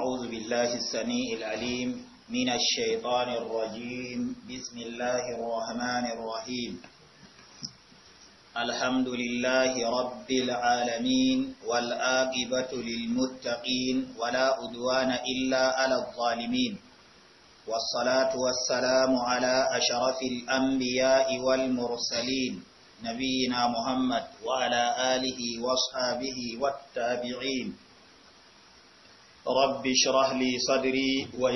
أعوذ بالله السميع العليم من الشيطان الرجيم بسم الله الرحمن الرحيم الحمد لله رب العالمين والآقبة للمتقين ولا أدوان إلا على الظالمين والصلاة والسلام على أشرف الأنبياء والمرسلين نبينا محمد وعلى آله وصحابه والتابعين rabbi shirah li sadri wa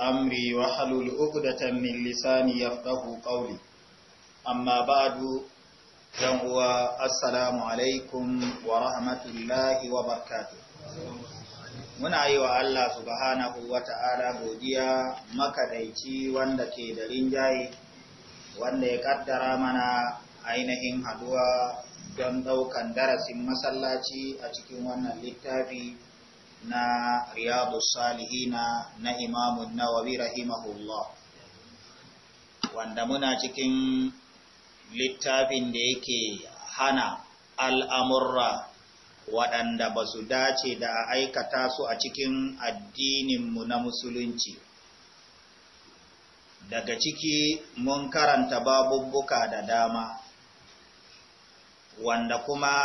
amri wa uku da min lisani yafqahu qawli amma ba'du dan uwa assalamu alaikum wa rahmatullahi wa barakatuh muna yi wa Allah subhanahu wa ta'ala godiya makadaici wanda ke da rinjaye wanda ya ƙaddara mana ainihin haɗuwa don ɗaukan darasin masallaci a cikin wannan littafi na riyadu salihina na imamun nawawi rahimahullah wanda muna cikin littafin da yake hana al'amurra waɗanda ba su dace da a aikata su a cikin addininmu na musulunci daga ciki mun karanta babubbuka da dama wanda kuma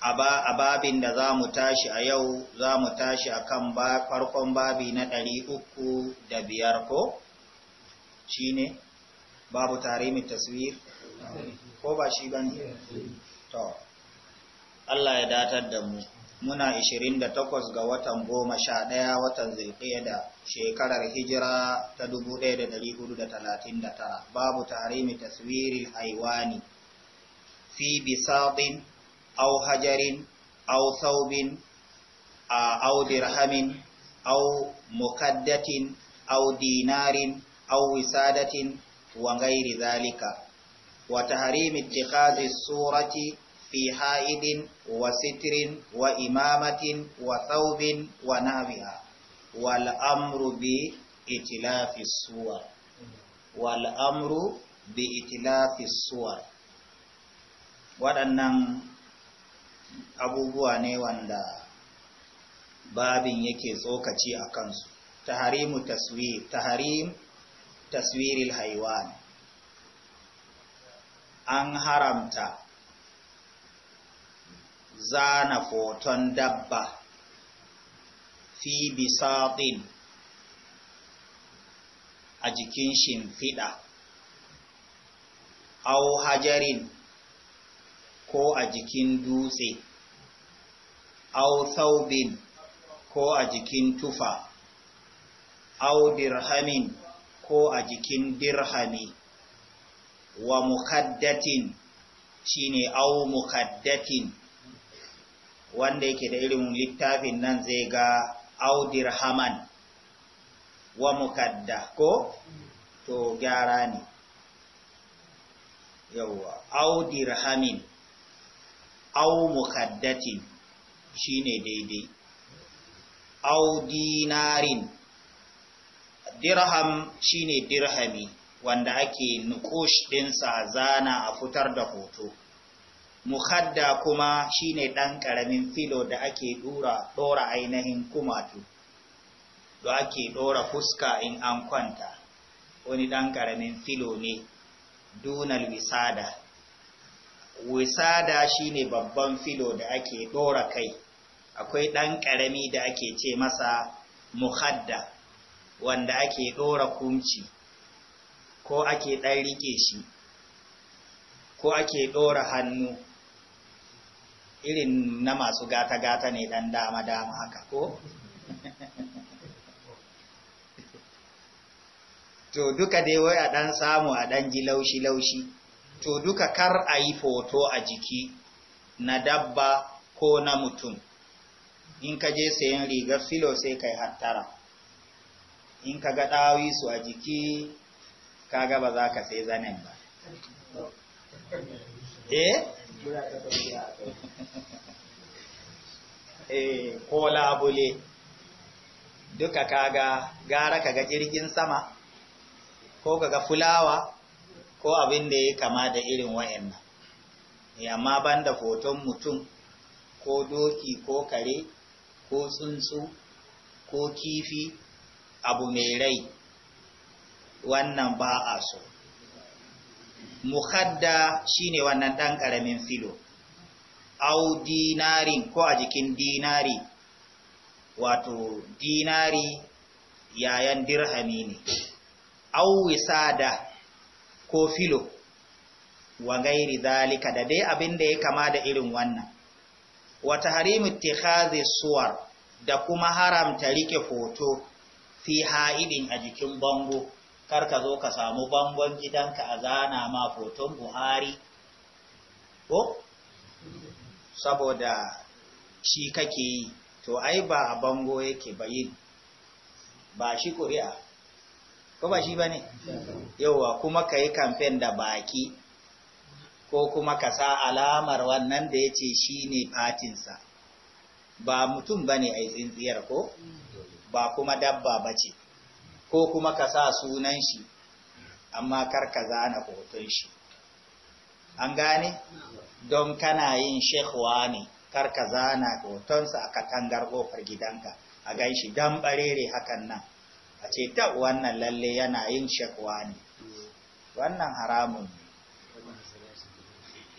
a babin da za mu tashi a yau za mu tashi a kan farkon babi na ɗari uku da biyar ko? shi ne babu tarimin taswir ko ba shi ba ne? to Allah ya datar da mu muna 28 ga watan goma sha ɗaya watan zirƙiya da shekarar hijira ta 1439 babu tarimin taswirin haiwani fi bisaɗin au hajarin au saubin au dirhamin au mukaddatin au dinarin au wisadatin wa ghairi zalika wa tahrimi ittikhazi surati fi haidin wa sitrin wa imamatin wa thawbin wa nahwiha wal amru bi itilafi suwar wal amru bi itilafi suwar waɗannan abubuwa ne wanda babin yake tsokaci a kansu taharimu taswir taharim taswiril haiwan an haramta zana foton dabba fi bisatin a jikin shimfiɗa au hajarin ko a jikin dutse aw thawbin ko a jikin tufa aw dirhamin ko a jikin dirhami wa mukaddatin shine aw mukaddatin wanda yake da irin littafin nan zai ga aw dirhaman wa mukadda ko to gyara ne yawwa aw dirhamin aw mukaddatin Shi ne daidai Audinarin. dinarin dirham ne dirhami wanda ake nukush ɗinsa zana a fitar da hoto muhadda kuma shi ne ɗan ƙaramin filo da ake ɗora ainihin kumatu da ake ɗora fuska in an kwanta wani ɗan ƙaramin filo ne dunal wisada wisada shi ne babban filo da ake ɗora kai akwai ɗan ƙarami da ake ce masa muhadda wanda ake ɗora kumci ko ake ɗan riƙe shi ko ake ɗora hannu irin na masu gata-gata ne ɗan dama-dama haka ko? to duka dai wai a ɗan samu a ɗan ji laushi-laushi to duka kar a yi foto a jiki na dabba ko na mutum in ka je sayan rigar filo sai kai hattara in ka ga ɗawi su a jiki ka ga ba za ka sai zanen ba eh eh ko labule duka kaga gara kaga jirgin sama ko kaga fulawa ko abin da ya kama da irin wa'annan eh, amma banda hoton mutum ko doki ko kare ko tsuntsu ko kifi abu mai rai wannan ba a so muhadda shine wannan ɗan ƙaramin filo au dinarin ko a jikin dinari wato dinari yayan dirhami ne au wisada ko filo wa gairi zalika da dai abin da ya kama da irin wannan wa tahrimu ittikhadhi suwar da kuma haramta rike hoto fi ha'idin a jikin bango kar ka zo ka samu bangon gidanka a zana ma hoton Buhari ko saboda shi kake yi to ai ba a bango yake bayin ba shi kuri'a ko ba shi ba ne yauwa kuma ka yi kamfen da baki ko kuma ka sa alamar wannan da ya ce shi ne fatinsa ba mutum ba ne a yi tsintsiyar ko ba kuma dabba ba ce ko kuma ka sa sunan shi amma kar ka zana hoton shi an gane don kana yin shekwa ne kar ka zana hotonsa a katangar ƙofar gidanka a gan shi don barere hakan nan a ce ta wannan lalle yana yin shekwa ne wannan haramun ne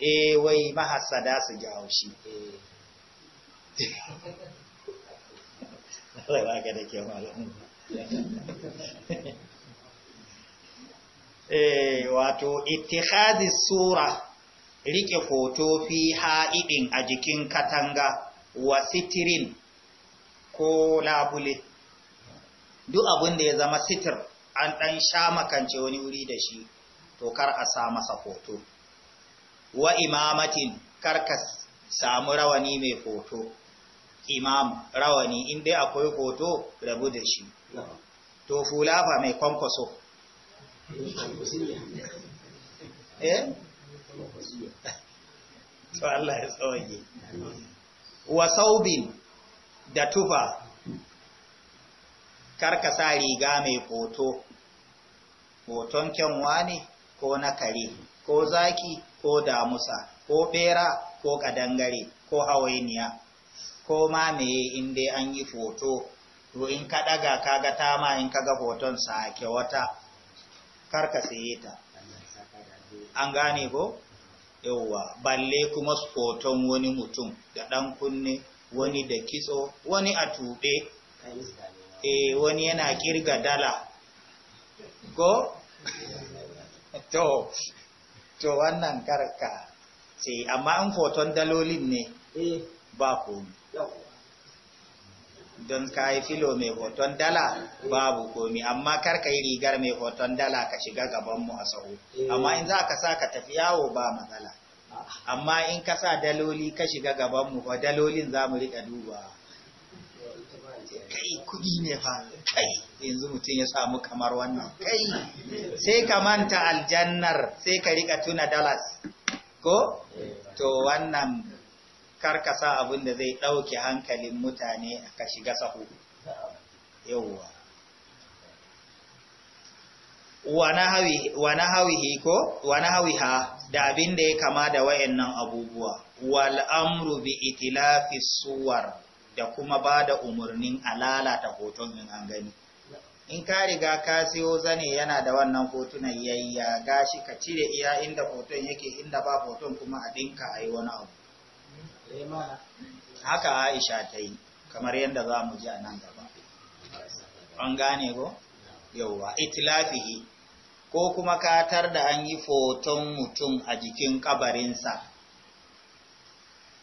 eh wai mahasada su ji haushi eh. eh wato ittihadi sura rike hoto fi ha'idin a jikin katanga wa sitirin ko labule duk abin da ya zama sitir an ɗan sha makance wani wuri da shi to kar a sa masa hoto wa imamatin karka samu rawani mai hoto imam rawani in dai akwai hoto rabu da shi to fulafa mai kwankwaso eh to Allah ya tsawaye wa saubin da tufa karka sa riga mai hoto hoton kyanwa ne ko na kare ko zaki ko damusa ko bera ko kadangare ko hawainiya ko ma meye in dai an yi foto to in ka daga kaga tama in kaga hoton sake wata karka saye ta an gane ko yauwa balle kuma hoton wani mutum da dan kunne wani da kitso wani a tube, e eh, wani yana kirga dala ko to to wannan karka ce amma an foton dalolin ne eh. ba komi don ka yi filo mai hoton dala babu komi amma karka yi rigar mai hoton dala ka shiga gabanmu a sahu eh. amma in za ka sa ka tafi yawo ba matsala ah. amma in ka sa daloli ka shiga gabanmu ko dalolin za mu riƙa dubawa kai kudi ne fa kai yanzu mutum ya samu kamar wannan kai sai ka manta aljannar sai ka rika tuna dalas ko to wannan karkasa abin da zai ɗauke hankalin mutane ka shiga sahu wa wana ko wana hawiha da abin da ya kama da wayannan abubuwa wal amru bi itilafi suwar da kuma ba da umarnin a lalata hoton in an gani in ka riga ka siyo zane yana da wannan hotunan yayya gashi ka cire iya inda hoton yake inda ba hoton kuma a dinka a yi wani abu haka aisha ta yi kamar yadda za mu ji a nan gaba an gane ko yauwa itilafihi ko kuma katar da an yi hoton mutum a jikin kabarinsa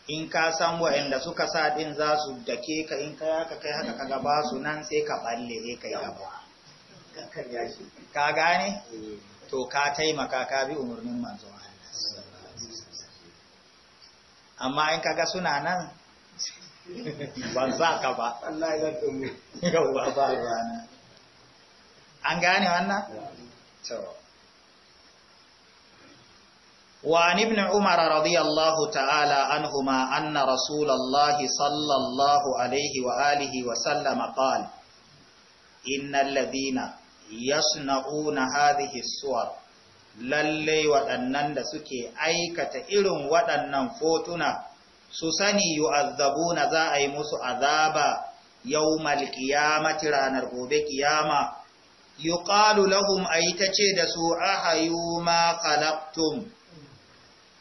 in ka san wa'anda suka sa din za su dake ka in ka haka kai haka kaga ba su nan sai ka balle e eh, kai gaba ka gane to ka taimaka ka bi umarnin manzo amma in kaga suna nan ba za ka ba Allah ya zato mu ba an gane wannan to وعن ابن عمر رضي الله تعالى عنهما أن رسول الله صلى الله عليه وآله وسلم قال إن الذين يصنعون هذه الصور lallai waɗannan da suke aikata irin waɗannan fotuna su sani yu'azzabuna za a yi musu azaba yawmal qiyamati ranar gobe kiyama yuqalu lahum ayta ce da su ahayu ma khalaqtum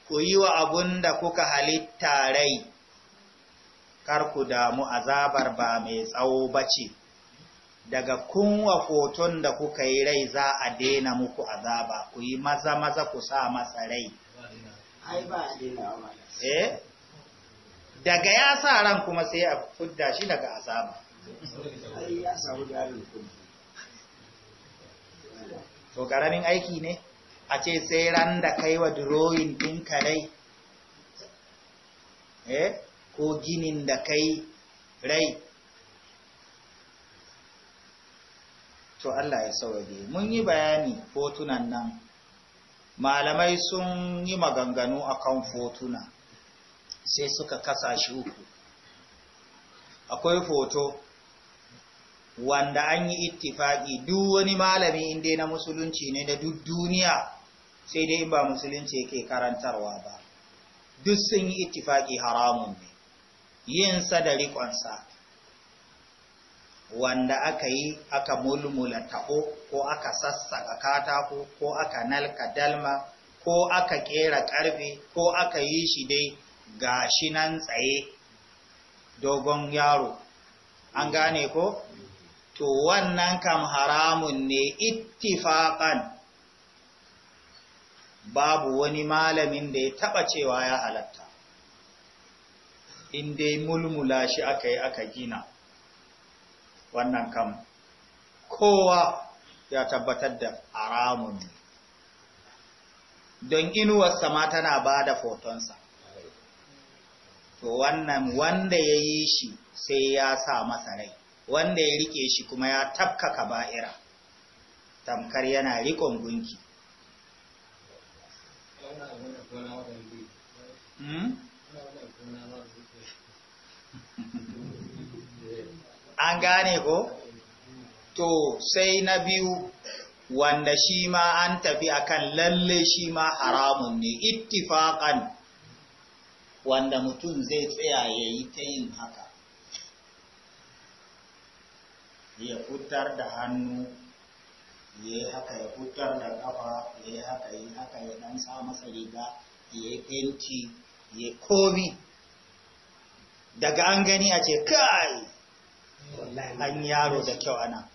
ku yi wa abun da kuka halitta rai, kar ku damu azabar ba mai tsawo ba ce, daga kunwa hoton da kuka yi rai za a dena muku azaba, ku yi maza-maza ku sa masa rai. Eh? Daga ya sa ran kuma sai a fudda shi daga azaba. To, ƙaramin aiki ne? a ce sai ran da kai wa drawing ka rai eh ko ginin da kai rai to Allah ya sauke mun yi bayani fotunan nan malamai sun yi maganganu akan fotuna sai suka kasa shi uku akwai foto wanda an yi ittifaki duk wani malami inda na musulunci ne da duk duniya sai dai ba musulunci yake karantarwa ba duk sun yi ittifaki haramun ne yin sa da riƙonsa wanda aka yi aka mulmula taɓo ko aka sassaƙa katako ko aka nalka dalma ko aka ƙera ƙarfe ko aka yi shi dai gashi nan tsaye dogon yaro an gane ko to wannan kam haramun ne ittifaƙan babu wani malamin da ya taba cewa ya halatta in dai mulmula shi aka yi aka gina wannan kam kowa ya tabbatar da haramun don inuwarsa ma tana ba da fotonsa to wannan wanda ya yi shi sai ya sa masa rai wanda ya rike shi kuma ya tafka ba'ira. tamkar yana rikon gunki Hmm? an gane ko to sai na biyu wanda shi ma an tafi akan lalle shi ma haramun ne ittifaƙan wanda mutum zai tsaya ya yi ta yin haka ya fitar da hannu ya yi haka ya fitar da kafa ya yi haka ya haka ya dan sa masa riga ya yi fenti ya komi daga an gani a ce kai an yaro da kyau ana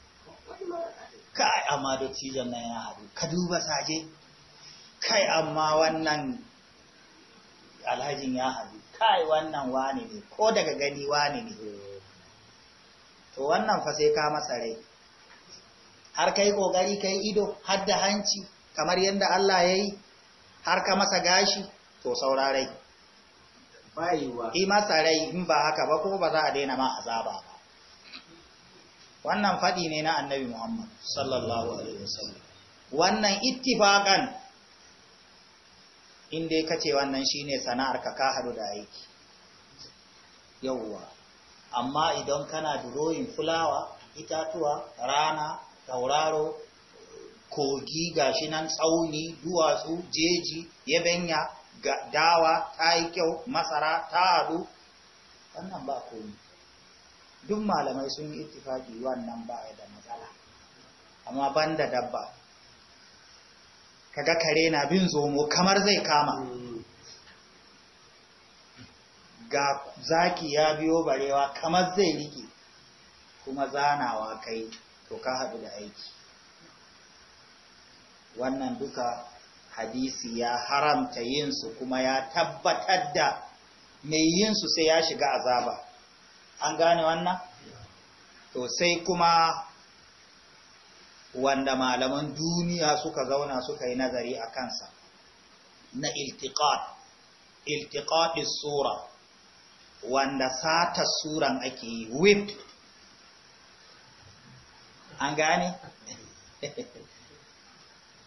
kai amma da cijon nan ya haɗu ka duba saje kai amma wannan alhajin ya haɗu kai wannan wani ne ko daga gani wani ne eh. to wannan fa sai ka masa rai har kai kokari kai ido har da hanci kamar yadda Allah ya yi har ka masa gashi to saurarai yi masa rai in ba haka ba ko ba za a daina ma azaba ba wannan faɗi ne na annabi Muhammad sallallahu alaihi wasallam wannan ittifaqan inda ka kace wannan shine sana'ar ka ka hadu da aiki Yauwa, amma idan kana drawing fulawa itatuwa rana tauraro kogi gashi nan tsauni duwatsu jeji yabenya ga dawa ta yi kyau masara ta haɗu wannan ba komi duk malamai sun yi ittifaki wannan ba da matsala amma banda dabba kaga kare na bin zomo kamar zai kama ga zaki ya biyo barewa kamar zai rike kuma zanawa kai to ka haɗu da aiki wannan duka hadisi ya haramta yinsu kuma ya tabbatar da mai yinsu sai ya shiga azaba an gane wannan to sai kuma wanda malaman duniya suka zauna suka yi nazari a kansa na iltiqat iltiqatis sura wanda sata suran ake yi whipped an gane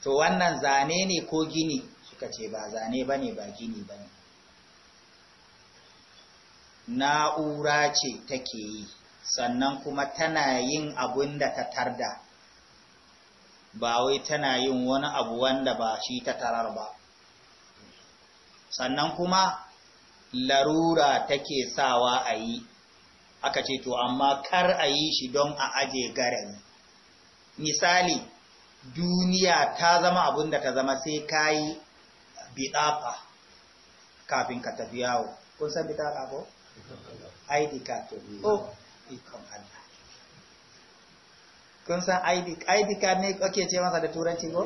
to wannan zane ne ko gini suka ce ba zane ba ba gini ba ne na'ura ce take yi sannan kuma tana yin abun da ta tarda ba wai tana yin wani abu wanda ba shi ta tarar ba sannan kuma larura take sawa a yi aka ce to amma kar a yi shi don a aje garami misali duniya ta zama abin da ta zama sai ka yi bidafa kafin ka tafi yawo kun san bidafa ko? id card to be oh ikon Allah kun san id id card ne ake ce masa da turanci ko?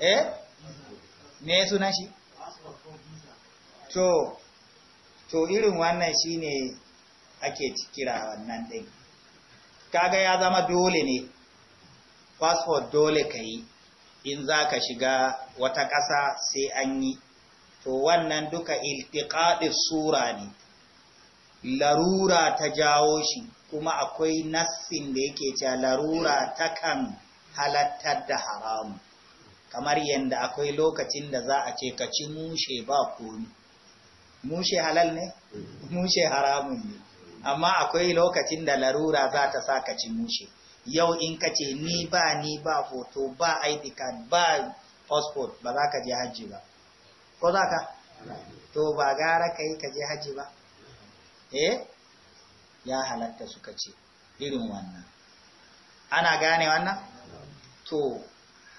eh, eh? me sunan shi? to to irin wannan shine ake kira wannan ɗin kaga ya zama dole ne passport dole ka yi in za ka shiga wata ƙasa sai an yi to wannan duka iltiƙaɗin sura ne larura ta jawo shi kuma akwai nassin da yake cewa larura takan halattar da haramu kamar yadda akwai lokacin da za a ce ka ci mushe ba komi mushe halal ne mm. mushe haramun ne amma akwai lokacin da larura za ta sa ka ci mushe yau in ka ce ni ba ni ba hoto ba id card ba passport ba za ka je hajji ba ko za ka to ba gara ka yi ka je hajji ba eh ya halatta suka ce irin wannan ana gane wannan to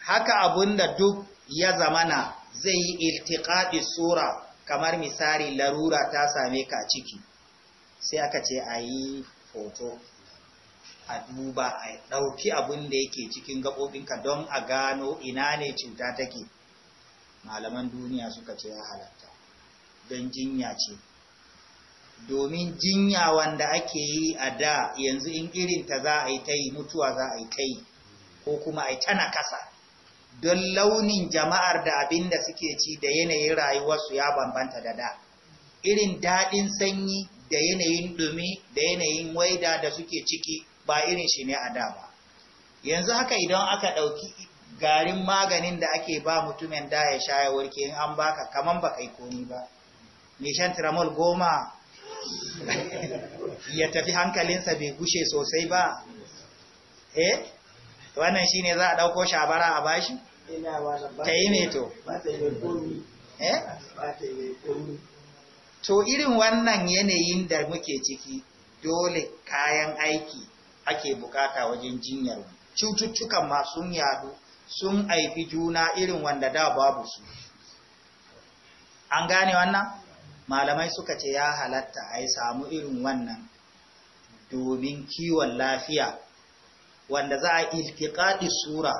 haka abunda duk ya zamana zai yi iltiqadi sura kamar misali larura ta same ka ciki sai aka ce a yi hoto a duba a ɗauki abin da yake cikin gaɓoɓinka don a gano ina ne cuta take malaman duniya suka ce ya halatta don jinya ce domin jinya wanda ake yi a da yanzu in irinta za a yi ta yi mutuwa za a yi ta yi ko kuma a yi tana kasa don launin jama'ar da abin da suke ci da yanayin rayuwarsu ya bambanta da da irin daɗin sanyi da yanayin ɗumi da yanayin waida da suke ciki ba irin shi ne a da ba yanzu haka idan aka ɗauki garin maganin da ake ba mutumin da ya sha ya warke in an baka kaman ba kai komi ba mai shan tramol goma ya tafi hankalinsa bai gushe sosai ba eh wannan shine za a ɗauko shabara a bashi ta yi ne to eh to irin wannan yanayin da muke ciki dole kayan aiki ake bukata wajen jinyar cututtukan ma sun yadu sun aifi juna irin wanda da babu su an gane wannan malamai suka ce ya halatta a yi samu irin wannan domin kiwon lafiya wanda za a iltiƙaɗi sura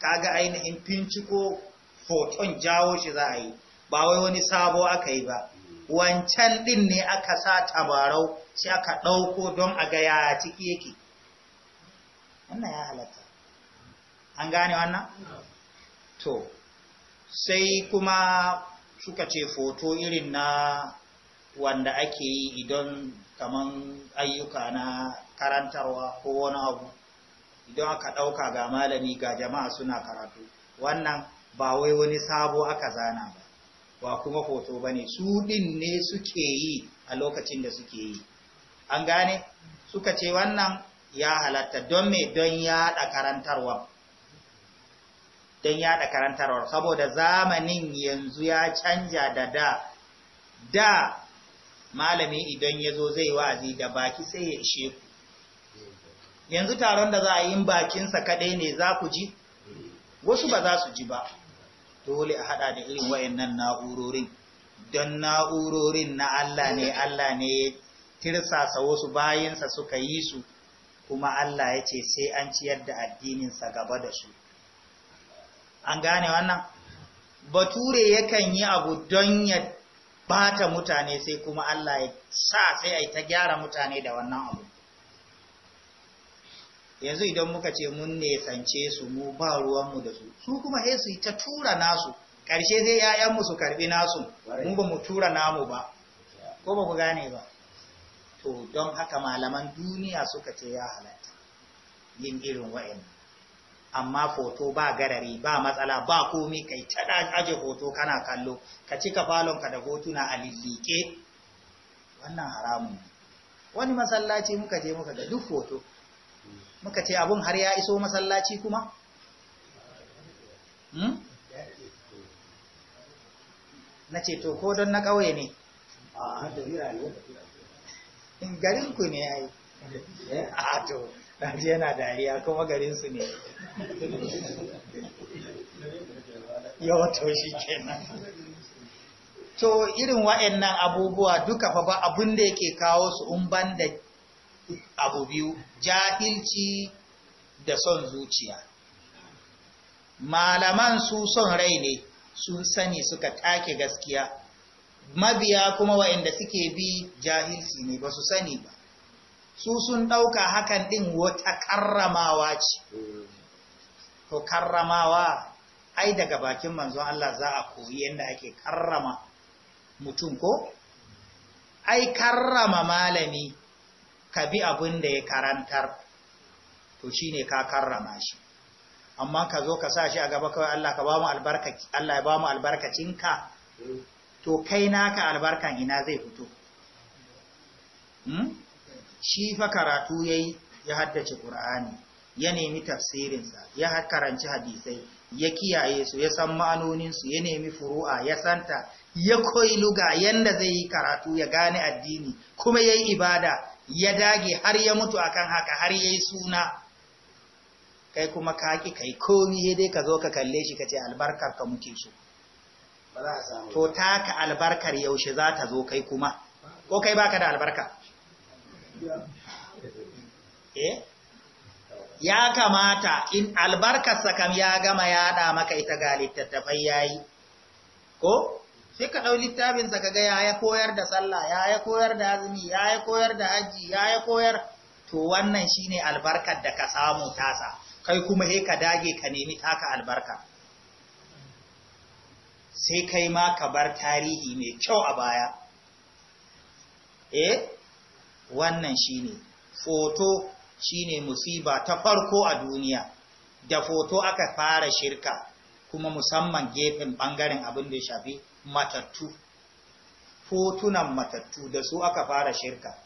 kaga ainihin finciko foton jawo shi za a yi ba wai wani sabo aka yi ba wancan ɗin ne aka sa tabarau shi aka ɗauko don a ga yaya ciki yake wannan ya halatta an gane wannan to sai kuma suka ce foto irin na wanda ake yi idan kaman ayyuka na karantarwa ko wani abu idan aka ɗauka ga malami ga jama'a suna karatu wannan ba wai wani sabo aka zana ba ba kuma foto ba su ɗin ne suke yi a lokacin da suke yi an gane suka ce wannan ya halatta don me don yaɗa karantarwa don yaɗa karantarwa saboda zamanin yanzu ya canja da da da malami idan ya zo zai wa'azi da baki sai ya ishe ku yanzu taron da za a yi bakinsa kaɗai ne za ku ji wasu ba za su ji ba dole a haɗa da irin wayannan na'urorin don na'urorin na Allah ne Allah ne ya tirsasa wasu bayinsa suka yi su kuma Allah ya ce sai an ciyar da addininsa gaba da su an gane wannan bature yakan yi abu don ya bata mutane sai kuma Allah ya sa sai a ta gyara mutane da wannan abu yanzu idan muka ce mun nesance su mu ba ruwanmu da su su kuma sai su yi ta tura nasu ƙarshe zai ‘ya'yanmu su karɓi nasu mu ba mu tura namu ba ko ba ku gane ba to don haka malaman duniya suka ce ya halatta yin irin wa'in amma foto ba garari ba matsala ba komi kai ta aje hoto kana kallo ka cika ka da hotuna a lillike wannan haramun wani masallaci muka je muka ga duk hoto muka ce abun har ya iso masallaci kuma hmm? na ce to ko don na ƙauye ne garin ku ne yayi eh, a to daji yana dariya kuma garin ne ya to shi kenan to irin wa'annan abubuwa duka fa ba abun da yake kawo su in ban da abu biyu jahilci da son zuciya malaman su son rai ne sun sani suka take gaskiya mabiya kuma wa'inda suke bi jahilci ne ba su sani ba su sun ɗauka hakan ɗin wata karramawa ce to karramawa ai daga bakin manzon Allah za a koyi yadda ake karrama mutum ko ai karrama malami ka bi abin da ya karantar to shine ka karrama shi amma ka zo ka sa shi a gaba kawai Allah ka ba mu albarkaci Allah ya ba mu albarkacinka to kai naka albarkan ina zai fito hmm? shi fa karatu yayi ya haddace qur'ani ya nemi tafsirinsa ya karanci hadisai ya kiyaye su ya san ma'anonin su ya nemi furu'a ya santa ya koyi luga yanda zai yi karatu ya gane addini kuma yayi ibada ya dage har ya mutu akan haka har yayi suna kai kuma kaki kai komi dai ka zo ka kalle shi kace albarkar ka muke so to taka albarkar yaushe za ta zo kai kuma ko kai baka da albarka eh? ya kamata in albarkarsa kam ya gama yaɗa maka ita ga littattafai yayi ko sai ka ɗau littafinsa ka ga ya koyar da sallah ya ya koyar da azumi ya ya koyar da hajji ya koyar to wannan shine albarkar da ka samu tasa kai kuma he ka dage ka nemi taka albarka sai kai ma ka bar tarihi mai kyau a baya eh wannan shine foto shine musiba ta farko a duniya da foto aka fara shirka kuma musamman gefen ɓangaren abin da ya shafi matattu fotunan matattu da su aka fara shirka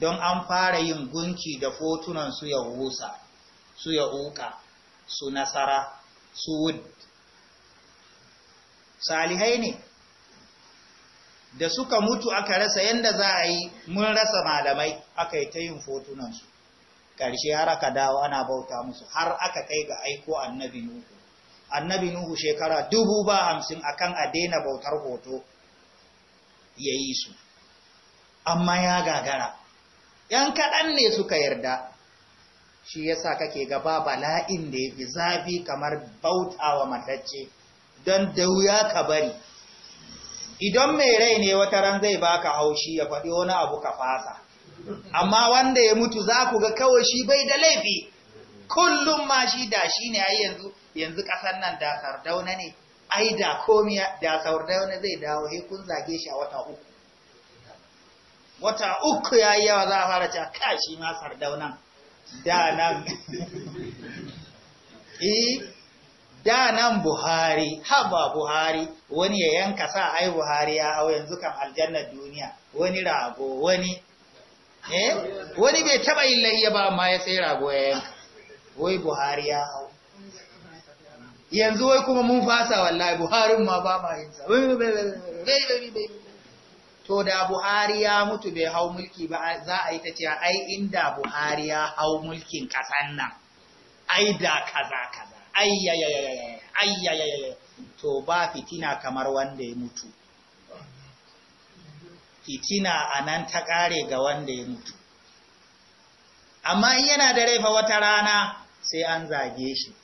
don an fara yin gunki da fotunan su ya husa su ya uka su nasara su wudu. salihai ne da suka mutu aka rasa yadda za a yi mun rasa malamai aka yi ta yin fotunansu ƙarshe har aka dawo ana bauta musu har aka kai ga aiko annabi nuhu annabi nuhu shekara dubu ba hamsin akan a daina bautar hoto ya yi su amma ya gagara ‘yan kaɗan ne suka yarda shi ya sa kake gaba bala'in da ya fi zafi kamar bauta wa matacce don da wuya ka bari idan mai rai ne wata ran zai baka haushi ya faɗi wani abu ka fasa amma wanda ya mutu za ku ga kawai shi bai da laifi kullum ma shi da shi ne ai yanzu yanzu ƙasar nan da sardauna ne ai da komi da sardauna zai dawo he kun zage shi a wata uku wata uku ya yi yawa za a fara cewa kashi shi ma sardaunan da nan eh, danan buhari haba buhari wani ya yanka sa ai buhari ya hau yanzu kan aljannar duniya wani rago wani eh wani bai taba yin lahiya ba amma ya sai rago ya yanka wai buhari ya hau yanzu wai kuma mun fasa wallahi buharin ma ba ma yin sa to da buhari ya mutu bai hau mulki ba za a yi ta cewa ai inda buhari ya hau mulkin kasan nan ai da kaza kaza ba ba fitina Fitina kamar wanda wanda wanda ya ya mutu. mutu. ta ga Amma da wata rana sai an shi. shi,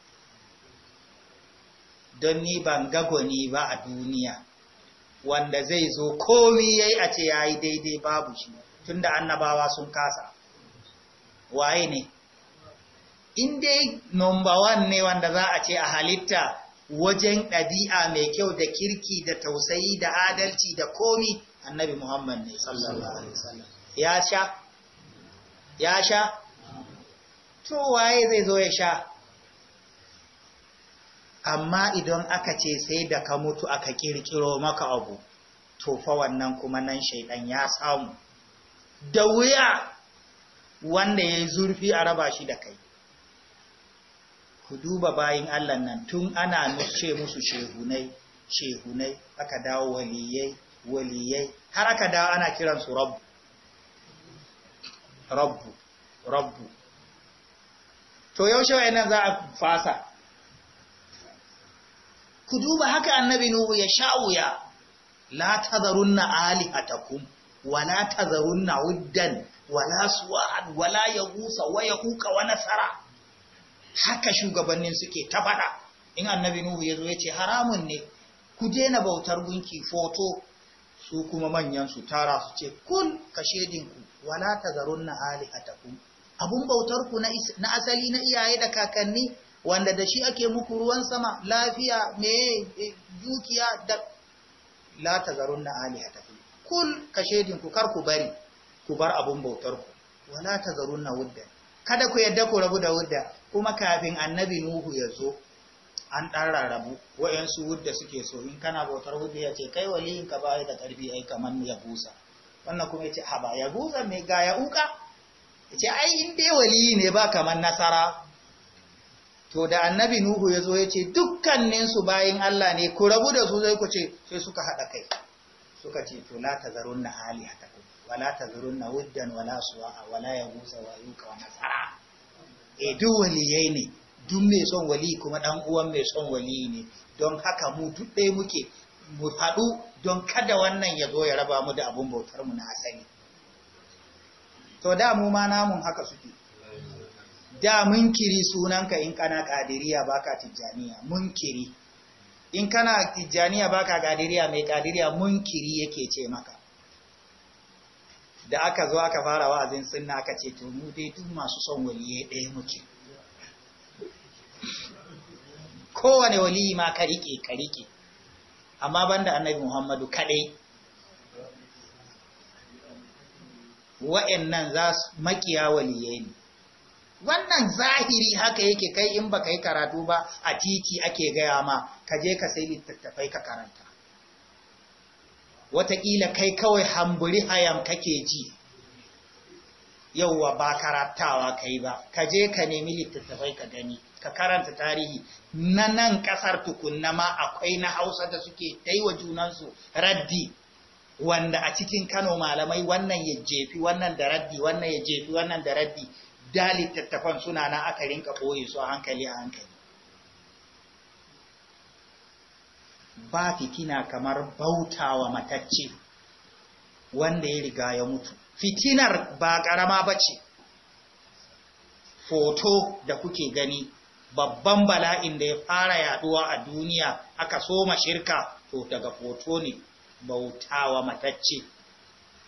Don ni ban a a duniya zai zo ce daidai babu tunda Annabawa sun kasa. ne? in dai number one ne wanda za a ce a halitta wajen ɗabi'a mai kyau da kirki da tausayi da adalci da komi annabi muhammad ne sallallahu alaihi wasallam ya sha ya sha to waye zai zo ya sha amma idan aka ce sai da ka mutu aka kirkiro maka abu to fa wannan kuma nan shaidan ya samu da wuya wanda ya yi zurfi a raba shi da kai ku duba bayin Allah nan tun ana ce musu shehunai shehunai aka dawo waliyai waliyai har aka dawo ana kiransu rabbu rabbu rabbu to yaushe wayannan za a fasa ku duba haka annabi nuhu ya sha'uya la tazarunna alihatakum wa la tazarunna uddan wa la suwa'an wa la yagusa wa yaquqa wa nasara haka shugabannin suke ta faɗa in annabi nuhu ya zo ya ce haramun ne ku daina bautar gunki foto su kuma manyan su tara su ce kun kashe shedinku wala ta na alihatakum abun bautar ku na asali na iyaye da kakanni wanda da shi ake muku ruwan sama lafiya me eh, dukiya da la ta alihatakum kun kashe shedinku kar ku bari ku bar abun bautar ku wala ta wudda kada ku yadda ku rabu da wudda kuma kafin annabi nuhu ya zo an ɗan rarrabu wa'yansu wudda suke so in kana bautar wudda ya ce kai waliyin ka bai da ƙarfi ai kamar ya busa wannan kuma ya ce haba ya busa mai ga ya uka ya ce ai in dai waliyi ne ba kamar nasara to da annabi nuhu ya zo ya ce dukkaninsu bayin allah ne ku rabu da su zai ku ce sai suka haɗa kai suka ce to la hali alihatakum wala ta tazarunna wuddan wala suwa wala ya busa wa yuka wa nasara e duk waliyai ne duk mai son wali kuma dan uwan mai son wali ne don haka mu duk ɗaya muke mu faɗu don kada wannan ya zo ya raba mu da abun bautar mu na asali to da mu ma namun haka suke da mun kiri sunanka in kana kadiriya baka tijjaniya mun kiri in kana tijjaniya baka kadiriya mai kadiriya mun kiri yake ce maka da aka zo aka fara wa'azin sunna aka ce to mu dai duk masu son ya ɗaya muke kowane wali ma ka rike ka rike amma banda annabi Muhammadu kadai wa'annan za su makiya waliyai ne wannan zahiri haka yake kai in baka yi karatu ba a titi ake gaya ma ka je ka sai littattafai ka karanta wataƙila kai kawai hamburi hayam kake ji yauwa ba karatawa kai ba ka je ka nemi littattafai ka gani ka karanta tarihi na nan ƙasar tukunna ma akwai na hausa da suke taiwa junansu raddi wanda a cikin kano malamai wannan ya jefi wannan da raddi wannan ya jefi wannan da raddi da littattafan suna na aka rinka ɓoye su a hankali a hankali ba fitina kamar bautawa matacce wanda ya riga ya mutu fitinar ba ƙarama bace. foto da kuke gani babban bala'in da ya fara yaduwa a duniya aka soma shirka to daga foto ne bautawa matacce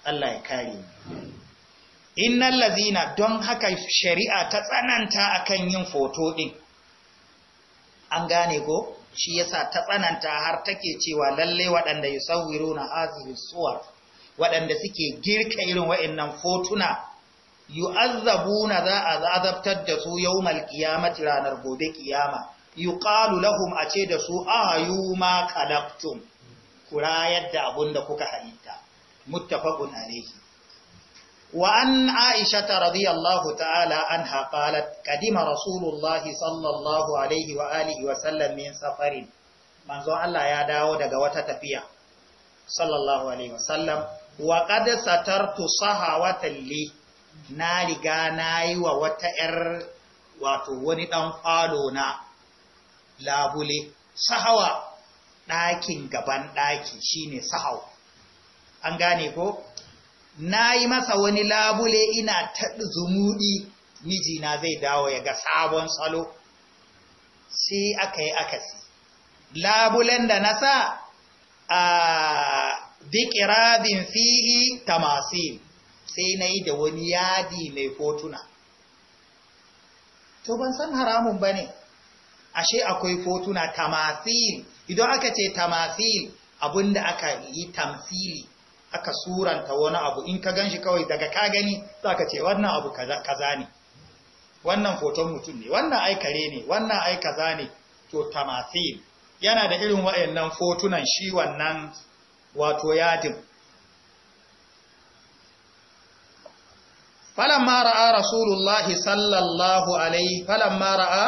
Allah ya kare innal lazina don haka shari'a ta tsananta akan yin foto ɗin. an gane ko shi yasa ta tsananta har take cewa lalle waɗanda ya na hazihi suwa waɗanda suke girka irin wa'annan fotuna na za a azabtar da su yau qiyamati ranar gobe kiyama ƙalu lahum a ce da su a ahayu ma qalaqtum kura yadda abin da kuka halitta muttafaƙun alayhi Wa'an Aishata رضي ta'ala تعالى عنها kadima قدم رسول الله صلى الله عليه وآله وسلم من Allah ya dawo daga wata tafiya sallallahu alaihi wasallam wa qad satartu sahawatan li na riga nayi wa wata yar wato wani ɗan falo na labule sahawa ɗakin gaban ɗaki shine sahaw an gane ko na yi masa wani labule ina ta zumuɗi mijina zai dawo ya ga sabon salo sai aka yi akasi labulen da na sa a bikirabin fihi tamasin sai na yi da wani yadi mai fotuna to ban san haramun ba ne ashe akwai fotuna tamasin idan aka ce tamasil abinda aka yi tamsili aka suranta wani abu in ka ganshi kawai daga ka gani ka ce wannan abu kaza ne wannan foton mutum ne wannan aikare ne wannan ai kaza ne to tamathil yana da irin wa'annan fotunan shi wannan wato yadin falamma ra'a rasulullahi sallallahu alaihi falamma ra'a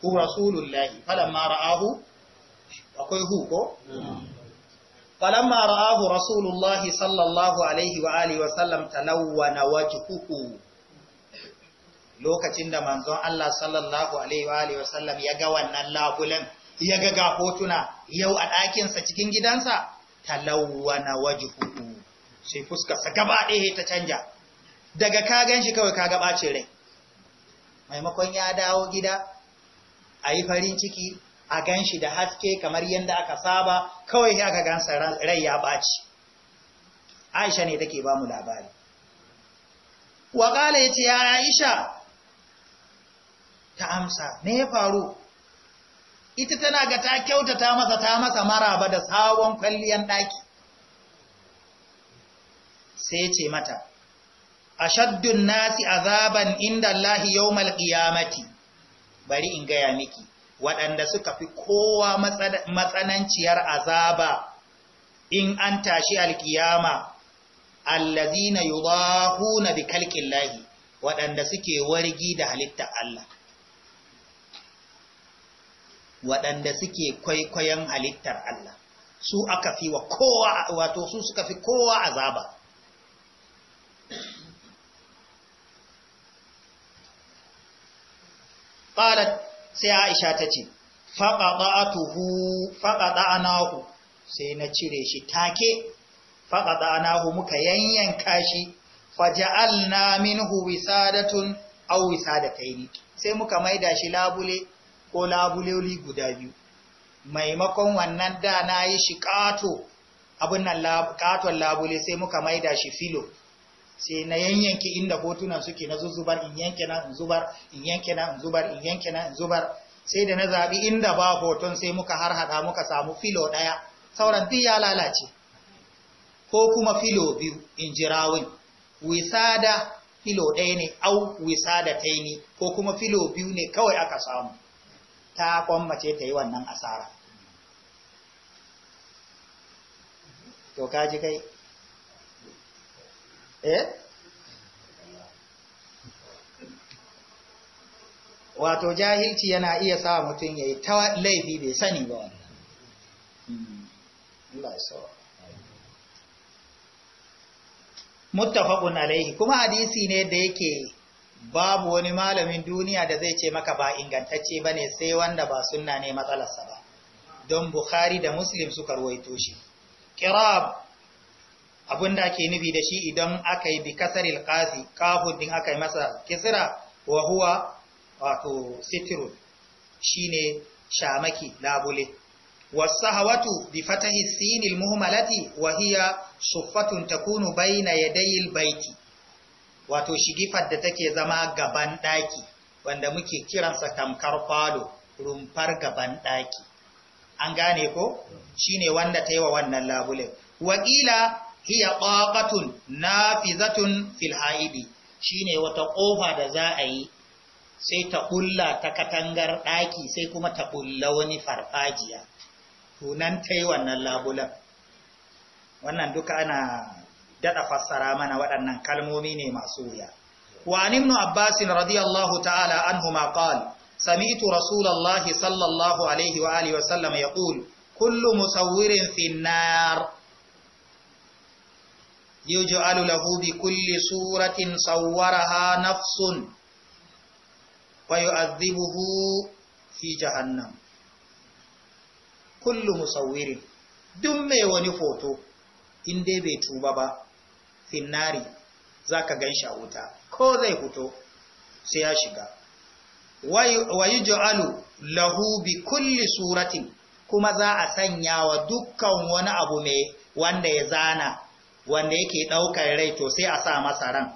hu rasulullahi falamma ra'ahu akwai hu ko hmm. falamma ra'ahu rasulullahi sallallahu alaihi wa alihi wa sallam talawwana wajhuhu lokacin da manzon Allah sallallahu alaihi wa sallam ya ga wannan labulan ya ga ga hotuna yau a ɗakinsa cikin gidansa talawwana wajhuhu sai fuskar sa gaba ɗaya ta canja daga ka ganshi kawai ka ga bacin rai maimakon ya dawo gida ayi farin ciki a gan shi da haske kamar yadda aka saba kawai ya ka gansa rai ya ɓaci aisha ne take ba mu labari waƙala ya ce ya aisha ta amsa me ya faru ita tana ga ta kyautata masa ta masa maraba da sabon kwalliyan ɗaki sai ce mata a ashaddun nasi azaban inda Allah yawmal qiyamati bari in gaya miki waɗanda suka fi kowa matsananciyar azaba in an tashi alkiyama allazina yudahuna bi khalqillahi waɗanda suke wargi da halitta Allah waɗanda suke kwaikwayon halittar Allah su aka fi wa kowa wato su suka fi kowa azaba qalat sai aisha ta ce a nahu, sai na cire shi take nahu, muka yanyanka shi faja'alna minhu wisadatun aw wisadataini sai muka maida shi labule ko labuloli guda biyu maimakon wannan da na yi shi ƙato abin nan labule sai muka maida shi filo sai na yanyanke inda hotuna suke na zuzubar in yanke na zubar in yanke na zubar in yanke na zubar sai da na zabi inda ba hoton sai muka harhaɗa muka samu filo ɗaya sauran duk ya lalace ko kuma filo biyu in jirawin wisada filo ɗaya ne au wisada ta ne ko kuma filo biyu ne kawai aka samu ta kwammace ta yi wannan asara to kaji kai eh wato jahilci yana iya sa mutum ya yi ta laifi bai sani ba wani hmm. Allah alaihi kuma hadisi ne da yake babu wani malamin duniya da zai ce maka ba ingantacce ba ne sai wanda ba sunna ne matsalarsa ba don bukhari da muslim suka ruwaito shi abin da ake nufi da shi idan aka yi bikasar kasaril kafin din aka yi masa kisira, wa huwa wato sitrun shine shamaki labule wasahawatu bi fatahi sinil muhmalati wa hiya suffatun takunu baina yadayil baiti wato shigifar da take zama gaban daki wanda muke kiransa tamkar falo rumfar gaban daki an gane ko shine wanda ta yi wa wannan labule wakila hiya ƙaƙatun nafizatun filhaidi. Shi shine wata ƙofa da za a yi sai ta ƙulla ta katangar ɗaki sai kuma ta ƙulla wani farfajiya tunan ta yi wannan labulan wannan duka ana daɗa fassara mana waɗannan kalmomi ne masu wuya وعن ابن عباس رضي الله تعالى عنهما قال سمعت رسول الله صلى الله عليه وآله وسلم يقول كل مصور في النار yuj'alu lahu bi kulli suratin sawwaraha nafsun wa yu'adhibuhu fi jahannam kullu musawwirin duk mai wani hoto. in dai bai tuba ba finnari ka ganshi a wuta ko zai fito sai ya shiga wa yuj'alu lahu bi kulli suratin kuma za a sanya wa dukkan wani abu mai wanda ya zana wanda yake ɗaukar rai to sai a sa masa ran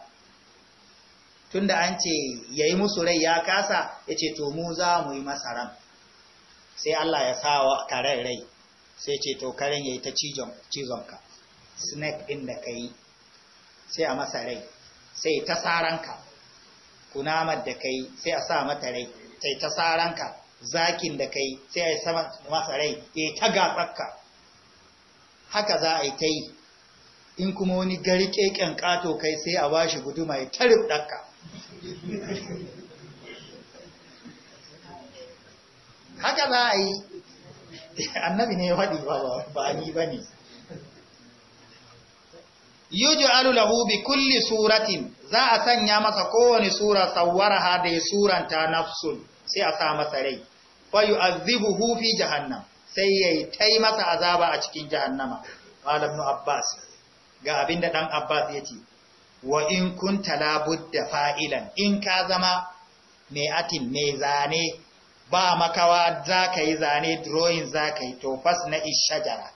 tunda an ce ya yi musu rai ya kasa ya ce to mu za mu yi masa ran sai Allah ya sa wa karen rai sai ce to karen ya yi ta cizonka snake ɗin da ka yi sai a masa rai sai ta saranka kunamar da ka yi sai a sa mata rai sai ta saranka zakin da kai sai a yi masa rai ya ta gafarka haka za a yi ta yi in kuma wani gari keken kato kai sai a bashi guduma ya tarif ɗakka haka za a yi annabi ne ya faɗi ba ni ba ne yuj'alu alulahu bi kulli suratin za a sanya masa kowane sura ha da ya suranta nafsun sai a sa masa rai fa azibu hufi jahannam sai yai tai masa azaba a cikin jahannama Malam abbas ga abin da ɗan Abbas ya ce, wa in kun talabud da fa'ilan, in ka zama mai atin mai zane ba makawa za ka yi zane drawing za ka yi tofas na ishajara.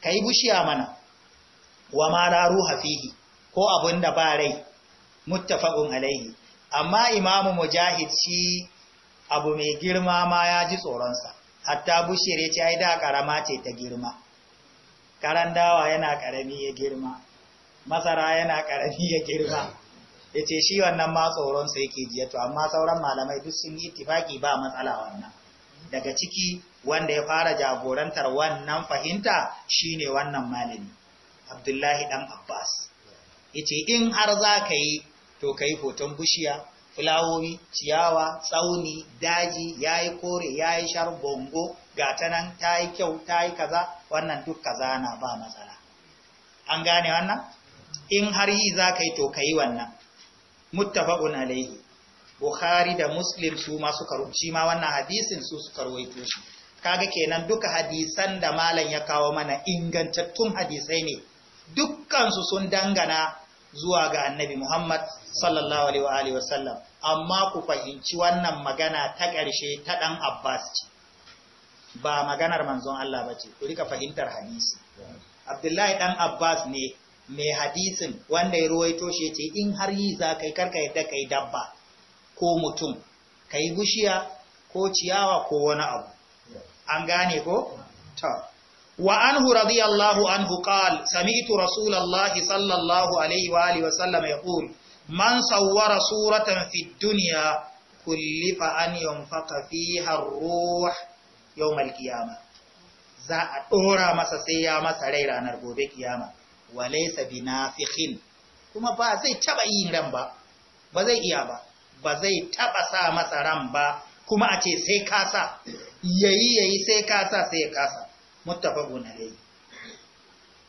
Ka yi bushiya mana, wa mararu hafihi ko abin da ba rai, muttafa'un alaihi, amma imamu mujahid shi abu mai girma ma ya ji tsoronsa, hatta bushiyar ya ce, ai da ƙarama ce ta girma. karan dawa yana karami ya girma masara yana karami ya girma ya ce shi wannan ma tsoron sai ke jiya to amma sauran malamai duk sun yi tifaki ba matsala wannan daga ciki wanda ya fara jagorantar wannan fahimta shine wannan malami abdullahi dan abbas ya ce in har za ka yi to ka yi hoton bushiya fulawowi ciyawa tsauni daji ya yi kore ya yi shar bongo ga ta nan ta yi kyau ta yi kaza wannan duk kaza na ba matsala an gane wannan in har yi za ka yi to ka yi wannan muttafaqun alaihi bukhari da muslim su ma suka rubuci ma wannan hadisin su suka rawaito shi kaga kenan duka hadisan da malam ya kawo mana ingantattun hadisai ne dukkan su sun dangana zuwa ga annabi Muhammad sallallahu alaihi wa alihi amma ku fahimci wannan magana ta ƙarshe ta dan Abbas ce ba maganar manzon Allah ba ce, ku rika fahimtar hadisi. Abdullahi ɗan Abbas ne mai hadisin wanda ya ruwaito shi ce in har yi za kai karka yadda yi dabba ko mutum, ka yi bushiya ko ciyawa ko wani abu. An gane ko? Ta. Wa anhu radiyallahu anhu qal sami'tu rasulallahi sallallahu alaihi wa alihi wa sallam man sawwara suratan fid dunya kullifa an yunfaqa fiha ruwa. yawmal qiyama za a ɗora masa sai ya masa rai ranar gobe kiyama walaysa binafikhin kuma ba zai taba yin ran ba ba zai iya ba ba zai taba sa masa ran ba kuma a ce sai kasa yayi yayi sai kasa sai kasa muttafaqun alayhi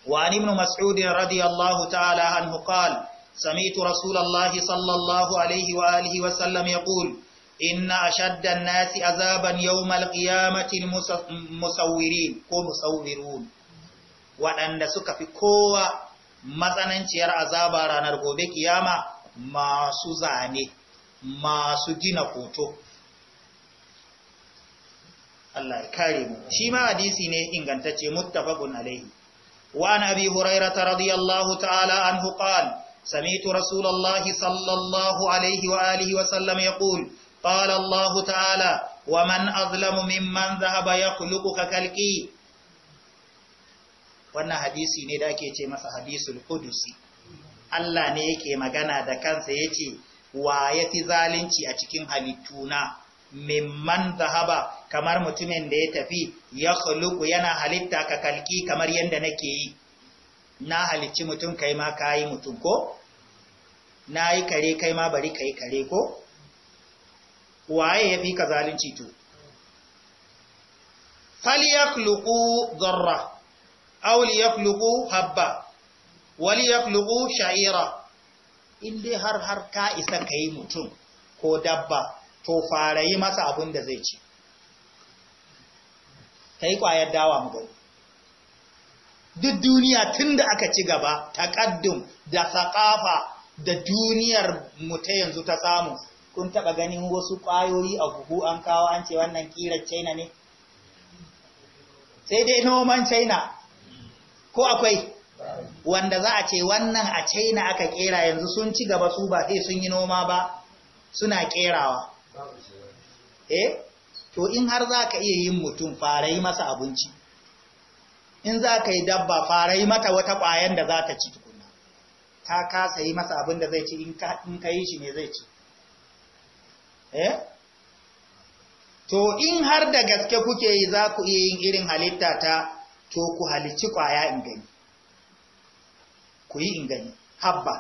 وعن ابن مسعود رضي الله تعالى عنه قال سمعت رسول الله صلى wa عليه وآله وسلم يقول inna ashaddan nasi azaban yawmal qiyamati musawwirin ko musawwirun waɗanda suka fi kowa matsananciyar azaba ranar gobe kiyama masu zane masu gina hoto Allah ya kare mu shi ma hadisi ne ingantacce muttafaqun alaihi wa an abi hurairah radiyallahu ta'ala anhu qala sami'tu rasulullahi sallallahu alaihi wa alihi wa sallam yaqul قال الله تعالى ومن أظلم ممن ذهب يخلق ككلقي wannan hadisi ne da ake ce masa hadisul qudusi Allah ne yake magana da kansa yace wa yafi zalunci a cikin halittuna mimman zahaba kamar mutumin da ya tafi ya khuluqu yana halitta ka kalki kamar yanda nake yi na halicci mutum kai ma kai mutum ko na kare kai ma bari kai kare ko waye ya fi ka zalunci to falyakluqu dharra aw liyakluqu habba waliyakluqu sha'ira in har har ka isa kai mutum ko dabba to fara yi masa abin da zai ci kai kwayar dawa mu gani duk duniya tun da aka ci gaba takaddum da saƙafa da duniyar mu ta yanzu ta samu kun taba ganin wasu kwayoyi a buhu an kawo an ce wannan ƙirar china ne sai dai noman china ko akwai wanda za a ce wannan a china aka kera yanzu sun ci gaba su ba sai sun yi noma ba suna ƙerawa eh to in har za ka iya yin mutum farai masa abinci in za ka yi dabba farai mata wata kwayan da za ta ci tukuna ta kasa yi masa abin da zai ci in ka yi shi ne zai ci Eh? to in har da gaske kuke yi za ku iya yin irin halitta ta to ku halicci kwaya in gani ku yi in gani habba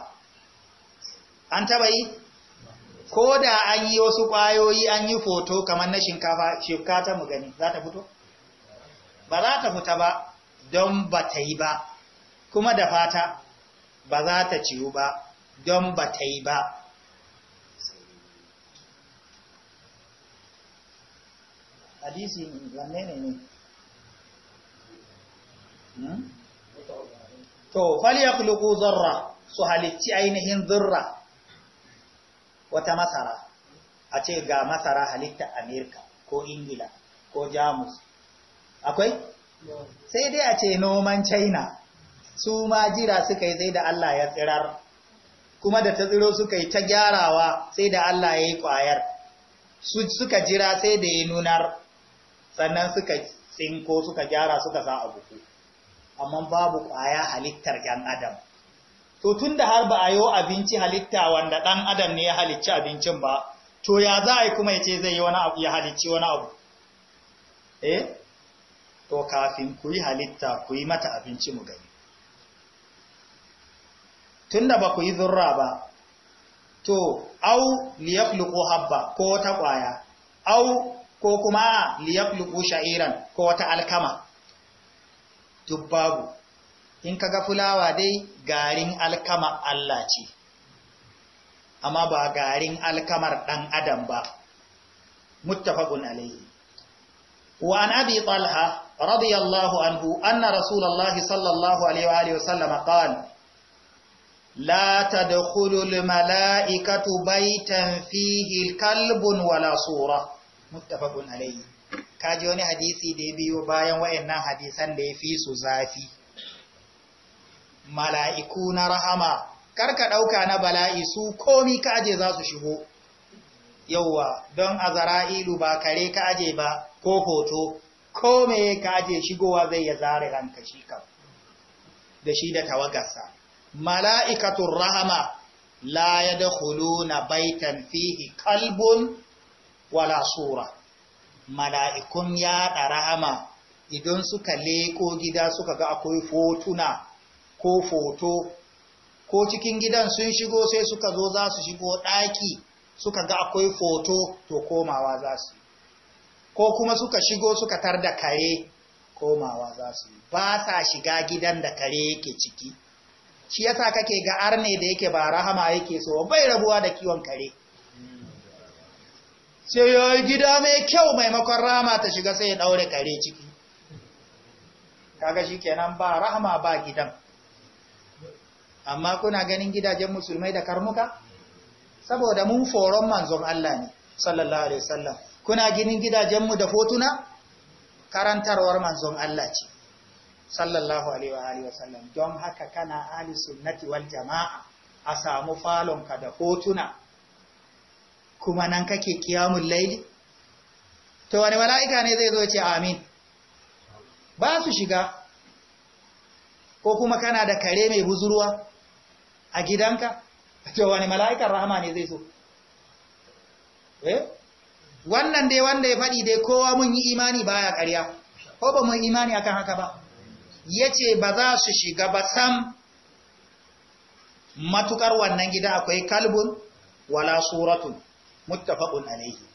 an taba yi ko da an yi wasu ƙwayoyi an yi foto kamar na shinkafa shinkafa ta mu gani za ta fito ba za ta fita ba don ba ta yi ba kuma da fata ba za ta ciwu ba don ba ta yi ba hadisi wanne ne ne hmm? to falyakluqu zarra su halicci ainihin zarra wata masara a ce ga masara halitta amerika ko ingila ko jamus akwai sai dai a ce noman china su ma jira suka yi sai da allah ya tsirar kuma da ta tsiro suka yi ta gyarawa sai da allah ya yi kwayar suka jira sai da ya nunar sannan suka tsinko suka gyara suka sa a buku amma babu ƙwaya halittar ɗan adam to tun da har ba a yi abinci halitta wanda ɗan adam ne ya halicci abincin ba to ya za a yi kuma ya ce zai yi wani abu ya halicci wani abu eh to kafin ku yi halitta ku yi mata abinci mu gani tun da ba ku yi zurra ba to au ko habba ko ta ƙwaya au ko kuma liyakluku sha'iran ko wata alkama duk babu in kaga fulawa dai garin alkama Allah ce amma ba garin alkamar dan adam ba muttafaqun alayhi wa an abi talha radiyallahu anhu anna rasulullahi sallallahu alaihi wa alihi wa sallam qala لا تدخل الملائكة بيتا فيه كلب ولا صورة muttafaqun alayhi ka ji wani hadisi da ya biyo bayan wayannan hadisan da ya fi su zafi mala'iku na rahama karka dauka na bala'i su komi ka aje za su shigo Yawwa don azara'ilu ba kare ka aje ba ko hoto ko me ka aje shigowa zai ya zare ranka shi ka da shi da tawagarsa mala'ikatun rahama la ya na bai fihi qalbun wala sura mala'ikun yaɗa rahama idan suka leko gida suka ga akwai fotuna ko foto ko cikin gidan sun shigo sai suka zo za su shigo ɗaki suka ga akwai foto to komawa za su ko kuma suka shigo suka tar da kare komawa za su ba sa shiga gidan da kare yake ciki shi yasa kake ga arne da yake ba rahama yake so bai rabuwa da kiwon kare sai ya yi gida mai kyau maimakon rama ta shiga sai ya ɗaure kare ciki kaga shi kenan ba rahama ba gidan amma kuna ganin gidajen musulmai da karnuka saboda mun foron manzon Allah ne sallallahu alaihi wasallam kuna ginin gidajenmu da fotuna karantarwar manzon Allah ce sallallahu alaihi wasallam don haka kana ahli sunnati wal jama'a a samu falonka da hotuna kuma nan kake kiyamun laili to wani mala'ika ne zai zo ce amin ba su shiga ko kuma kana da kare mai buzurwa a gidanka to wani mala'ikan rahama ne zai zo eh wannan dai wanda ya faɗi dai kowa mun yi imani baya ƙarya ko ba mun imani akan haka ba yace ba za su shiga ba sam matukar wannan gida akwai kalbun wala suratun muttafaqun alayhi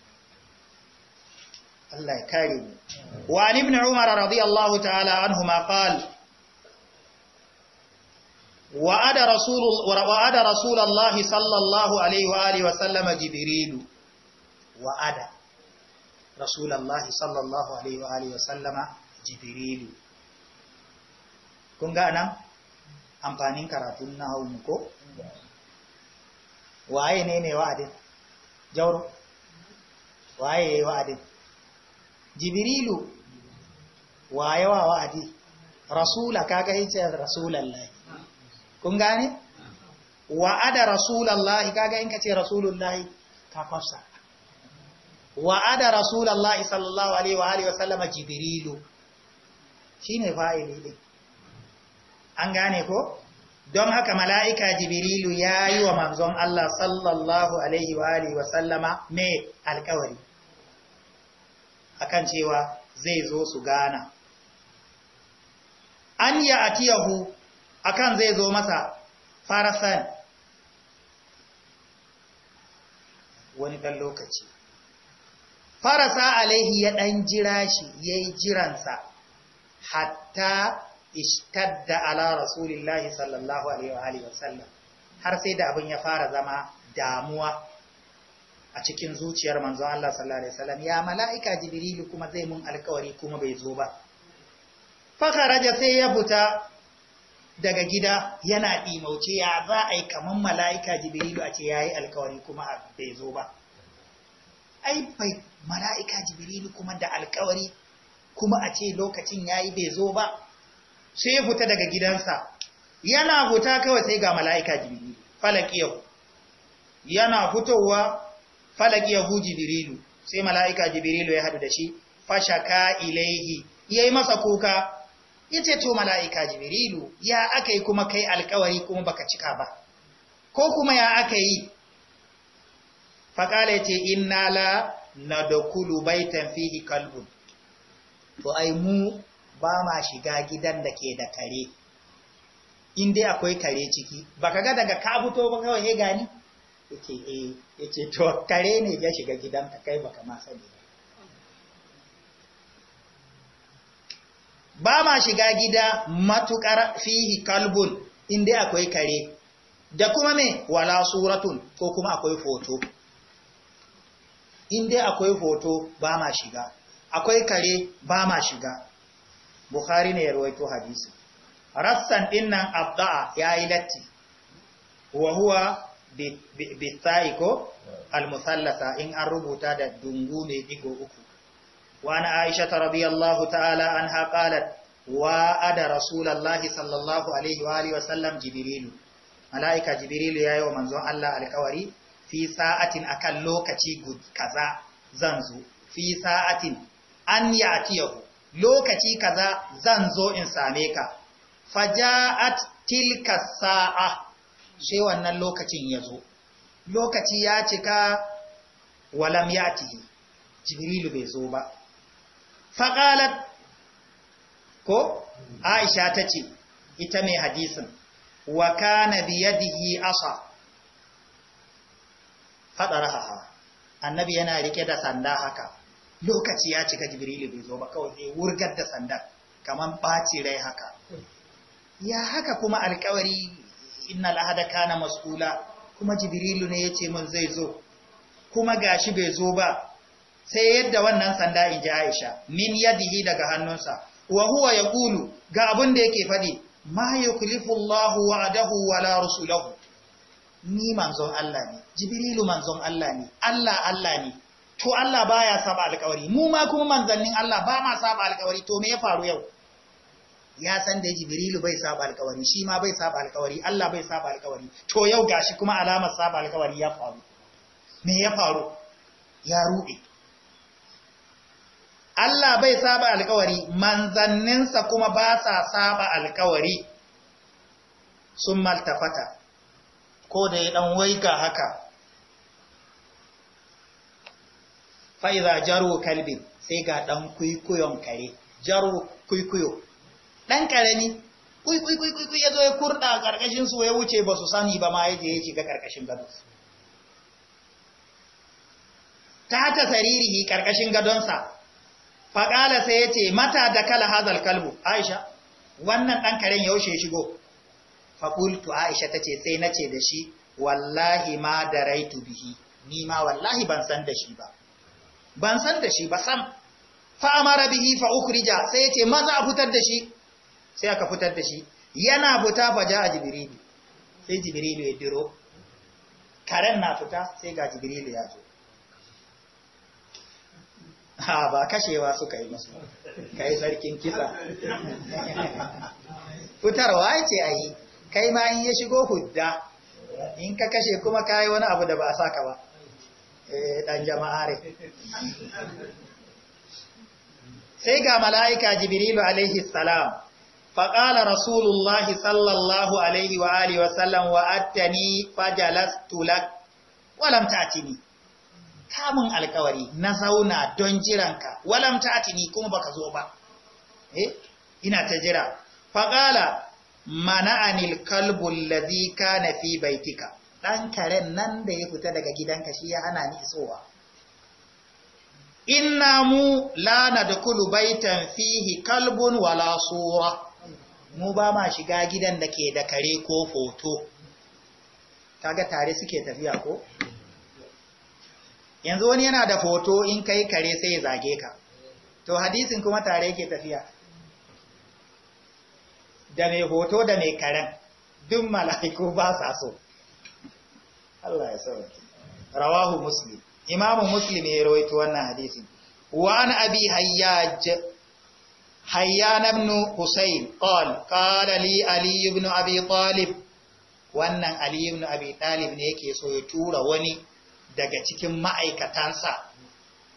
Allah ya kare mu wa ibn umar radiyallahu ta'ala anhuma qala وعد رسول وعد sallallahu الله wa الله عليه واله وسلم جبريل وعد رسول الله صلى kun ga nan amfanin karatun na ko waye ne mai wa'adin jauro waye wa'adin jibrilu waye wa wa'adi rasula kaga yace rasulallahi kun gane wa'ada rasulallahi kaga in kace rasulullahi ka fasa. wa'ada rasulallahi sallallahu alaihi wa alihi wa sallama jibrilu shine fa'ili din an gane ko don haka mala'ika jibrilu ya yi wa manzon Allah sallallahu alaihi wa Alaihi wa sallama mai alkawari kan cewa zai zo su gana an tiyahu atiyahu kan zai zo masa farasan wani ɗan lokaci farasa alaihi ya ɗan jira shi ya yi jiransa hatta ishtadda ala rasulillahi sallallahu alaihi wa sallam har sai da abin ya fara zama damuwa a cikin zuciyar manzon Allah sallallahu alaihi wasallam ya mala'ika jibril kuma zai mun alkawari kuma bai zo ba fa kharaja sai ya fita daga gida yana dimauce ya za a yi kaman mala'ika jibril a ce yayi alkawari kuma bai zo ba ai bai mala'ika jibrilu kuma da alkawari kuma a ce lokacin yayi bai zo ba sai ya fita daga gidansa yana huta kawai sai ga mala'ika jibrilu falakiyahu yana fitowa yahu jibrilu sai mala'ika jibrilu ya hadu da shi ka ilaihi yayi masa kuka ce to mala'ika jibrilu ya aka yi kuma kai alkawari kuma baka cika ba ko kuma ya aka yi? akai faqala yace inna la nadkhulu bai tafi kalbun to ai mu ba ma shiga gidan da ke da kare in dai akwai kare ciki ba ka ga daga ka fito ba kawai ya gani yace eh ce to kare ne ya shiga gidan ka kai baka ma sani ba ma shiga gida matukar fihi kalbun in dai akwai kare da kuma me wala suratun ko kuma akwai foto in dai akwai hoto ba ma shiga akwai kare ba ma shiga bukhari ne ya rawaito hadisi rassan nan abda'a yayi latti wa huwa bisa'i ko almusallasa in an rubuta da dungu ne digo uku wa ana aisha radiyallahu ta'ala anha qalat wa ada rasulullahi sallallahu alaihi wa alihi wa sallam jibrilu malaika jibrilu yayi wa manzon Allah alkawari fi sa'atin akan lokaci kaza zanzu fi sa'atin an yatiyahu lokaci kaza zan zo in same ka faja'at tilka sa'a sai wannan lokacin ya zo lokaci ya cika walam yati jibrilu bai zo ba qalat ko aisha tace ita mai hadisin wa kana bi yadihi asa fadaraha annabi yana rike da sanda haka lokaci ya cika jibrilu bai zo ba kawai zai wurgar da sanda. kamar ɓaci rai haka ya haka kuma alkawari inna lahada kana mas'ula kuma jibrilu ne ya ce min zai zo kuma gashi bai zo ba sai yadda wannan sanda in ji aisha min yadihi daga hannunsa wa huwa ya ga abin da yake faɗi ma yukhlifu Allahu wa la rasulahu ni manzon Allah ne jibrilu manzon Allah ne Allah Allah ne to Allah ba ya saba alƙawari mu ma kuma manzannin Allah ba ma saba alƙawari to me ya faru yau ya san da Jibrilu bai saba alƙawari shi ma bai saba alƙawari Allah bai saba alƙawari to yau gashi kuma alamar saba alƙawari ya faru me ya faru ya rube Allah bai saba alƙawari manzanninsa kuma ba sa saba alƙawari sun maltafata ko da ya dan waika haka fa'iza jaro kalbin sai ga ɗan kwikwiyon kare jaro kwikwiyo ɗan ƙarami kwikwikwikwi ya zo ya kurɗa a ya wuce ba su sani ba ma ya ya shiga ƙarƙashin gado ta ta saririhi ƙarƙashin gadonsa faƙala sai yace mata da kala hazal kalbu aisha wannan ɗan karen yaushe ya shigo faƙultu aisha ta ce sai nace da shi wallahi ma da raitu bihi ni ma wallahi ban san da shi ba ban san da shi ba sam fa amara bihi fa ukhrija sai yace maza a fitar da shi sai aka fitar da shi yana fita fa ja jibrilu sai jibrilu ya diro karen na fita sai ga jibrilu ya zo ha ba kashewa suka yi musu kai sarkin kisa fitarwa ce ayi kai ma in ya shigo hudda in ka kashe kuma kai wani abu da ba a saka ba ɗan eh, jama'are sai ga mala'ika jibrilu alaihi salam faƙala rasulullahi sallallahu alaihi wa alihi wasallam wa attani fajalastu lak walam ta'tini kamun alkawari na zauna don jiranka walam ta'tini kuma baka zo ba eh ina ta jira faƙala mana'anil kalbul ladhi kana fi baitika ɗan karen nan da ya fita daga gidanka shi ya ana ni isowa inna mu la nadkhulu baitan fihi kalbun wala sura mu ba ma shiga gidan da ke da kare ko hoto kaga tare suke tafiya ko yanzu wani yana da foto in kai kare sai ya zage ka to hadisin kuma tare yake tafiya da mai hoto da mai karen duk mala'iku ba sa so Allah ya rawahu muslim imamu muslim ya rawaito wannan hadisin wa an abi hayyaj hayyan ibn husayn qal qala li ali ibn abi talib wannan ali ibn abi talib ne yake so ya tura wani daga cikin ma'aikatansa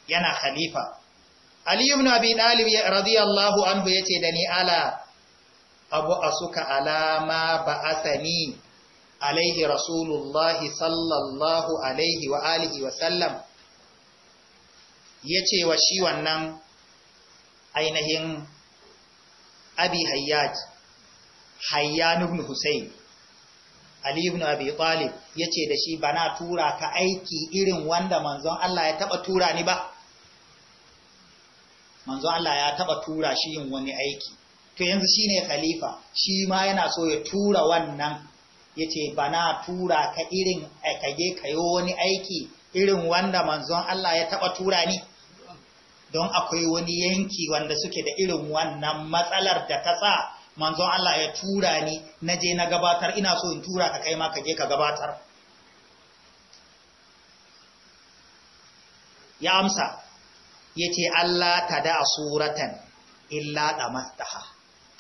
yana khalifa ali ibn abi talib radiyallahu anhu yace da ni ala abu asuka alama asani alaihi رسول sallallahu alaihi الله عليه wa sallam ya ce wa shi wannan ainihin حيان بن حسين ali ibn abi talib ya ce da shi bana tura ka aiki irin wanda manzon Allah ya taba tura ni ba manzon Allah ya taba tura shi yin wani aiki to yanzu shine khalifa shi ma yana so ya tura wannan yace bana tura ka irin eh, kage kayo wani aiki irin wanda manzon Allah ya taba tura ni don akwai wani yanki wanda suke da irin wannan matsalar da ta sa manzon Allah ya tura ni na je na gabatar ina so in tura ka kai ma ka ka gabatar ya amsa yace Allah ta da suratan illa da mastaha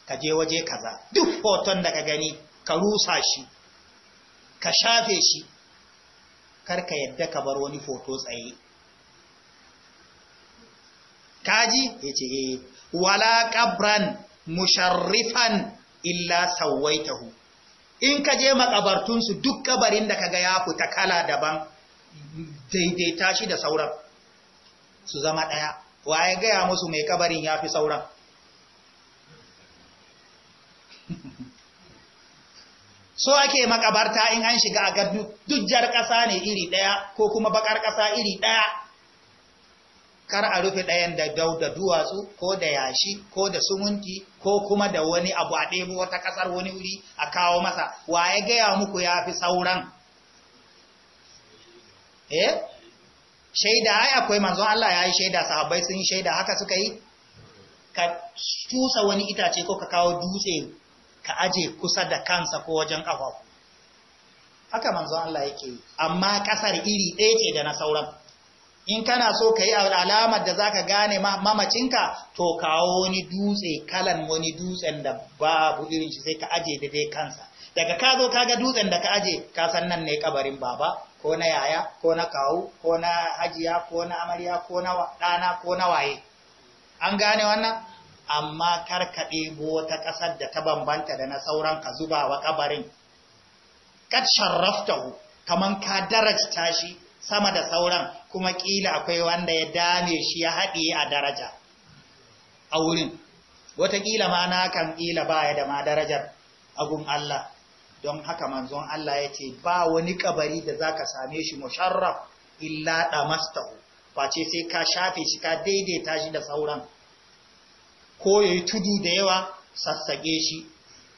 ka je waje kaza duk hoton da ka gani ka rusa shi ka shafe shi karka yadda ka bar wani foto tsaye kaji ya ce eh wala kabran musharrifan illa sawaitahu in ka je makabartunsu duk kabarin da ka kaga ya fita kala daban daidaita shi da sauran su zama ɗaya waye gaya musu mai kabarin ya fi sauran so ake makabarta in an shiga a duk jar ƙasa ne iri ɗaya ko kuma bakar ƙasa iri ɗaya kar a rufe ɗayan da dau da duwatsu ko da yashi ko da sumunti ko kuma da wani abu a ɗebo wata ƙasar wani wuri a kawo masa wa ya gaya muku ya fi sauran eh shaida ai akwai manzon Allah ya yi shaida sahabbai sun yi shaida haka suka yi ka tusa wani itace ko ka kawo dutse ka aje kusa da kansa ko wajen ƙafafu haka manzon Allah yake yi amma ƙasar iri ɗaya ce da na sauran in kana so ka yi alamar da za ka gane mamacinka to kawo wani dutse kalan wani dutsen da babu irin shi sai ka aje da dai kansa daga ka zo ka ga dutsen da ka aje ka san nan ne kabarin baba ko na yaya ko na kawu ko na hajiya ko na amarya ko na ɗana ko na waye an gane wannan amma kar ka ɗebo wata ƙasar da ta bambanta da na sauran ka zuba wa ƙabarin kad sharraftahu kaman ka darajta shi sama da sauran kuma ƙila akwai wanda ya dame shi ya haɗe a daraja a wurin watakila ma na kan kila baya da ma darajar agun Allah don haka manzon Allah ya ce ba wani ƙabari da za ka same shi musharraf illa ɗamastahu face sai ka shafe shi ka daidaita shi da sauran ko ya yi tudu da yawa sassage shi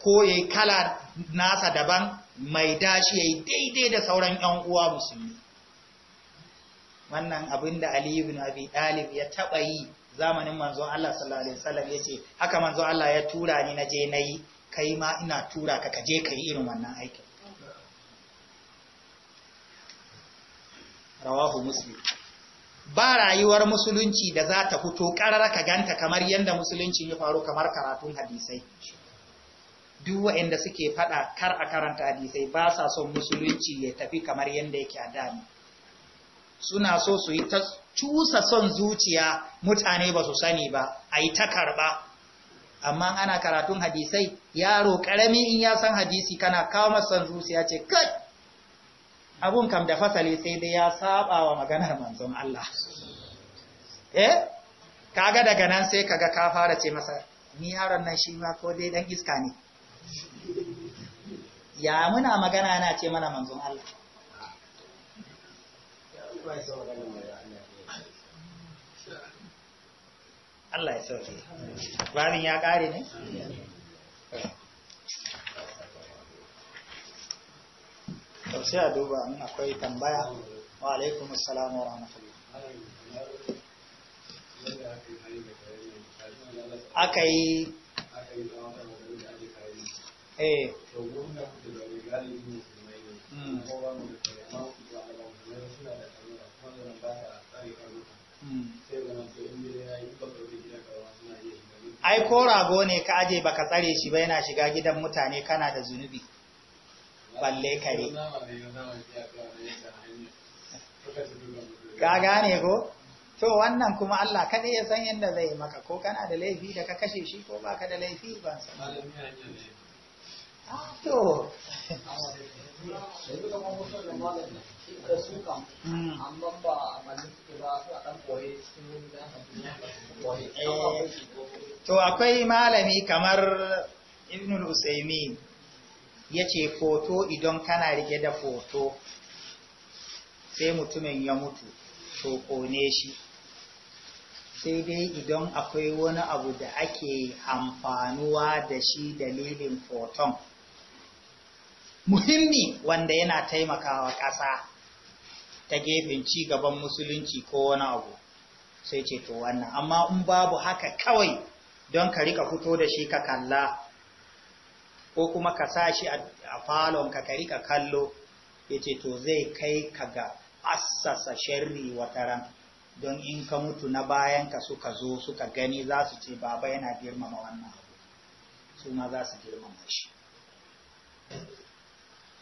ko ya yi kala nasa daban mai dashi ya yi daidai da sauran 'yan uwa musulmi wannan abin da Ali ibn Abi dalib ya taɓa yi zamanin manzon Allah sallallahu alaihi wasallam yace haka manzo Allah ya tura ni na je nayi kai ma ina tura ka ka kaje kai irin wannan aikin rawahu muslim ba rayuwar musulunci da za ta fito ƙarar ka ganta kamar yadda musulunci ya faru kamar karatun hadisai duk waɗanda suke faɗa kar a karanta hadisai ba sa son musulunci ya tafi kamar yadda yake a dami suna so su yi ta cusa son zuciya mutane ba su sani ba a yi ta karɓa amma ana karatun hadisai yaro ƙarami in ya san hadisi kana kawo masa son zuciya ce kai abun kam da fasali sai dai ya saba wa maganar manzon Allah eh kaga daga nan sai kaga ka fara ce masa ni yaron nan shi ma ko dai dan iska ne ya muna magana na ce mana manzon Allah Allah ya sauke. ya ƙare ne? to sai a duba akwai tambaya wa alaikum assalam wa rahmatullah aka yi eh, hmm. ai ko rago ne ka aje baka tsare shi ba yana shiga gidan mutane kana da zunubi balle kare ka gane ko to wannan kuma Allah kada ya san yadda zai maka ko kana da laifi da ka kashe shi ko baka da laifi ba. san ah, to hmm. to akwai malami kamar ibnul usaymin ya ce foto idan kana rike da foto sai mutumin ya mutu to kone shi sai dai idan akwai wani abu da ake amfanuwa da shi dalilin foton muhimmi wanda yana taimakawa ƙasa ta gefen ci gaban musulunci ko wani abu sai ce to wannan amma in babu haka kawai don ka rika fito da shi ka kalla ko kuma ka sa shi a falon ka ka kallo ya ce to zai kai ka ga assasa sharri ran don in ka mutu na bayan ka suka zo suka gani za su ce baba yana girmama wannan abu su ma za su girmama shi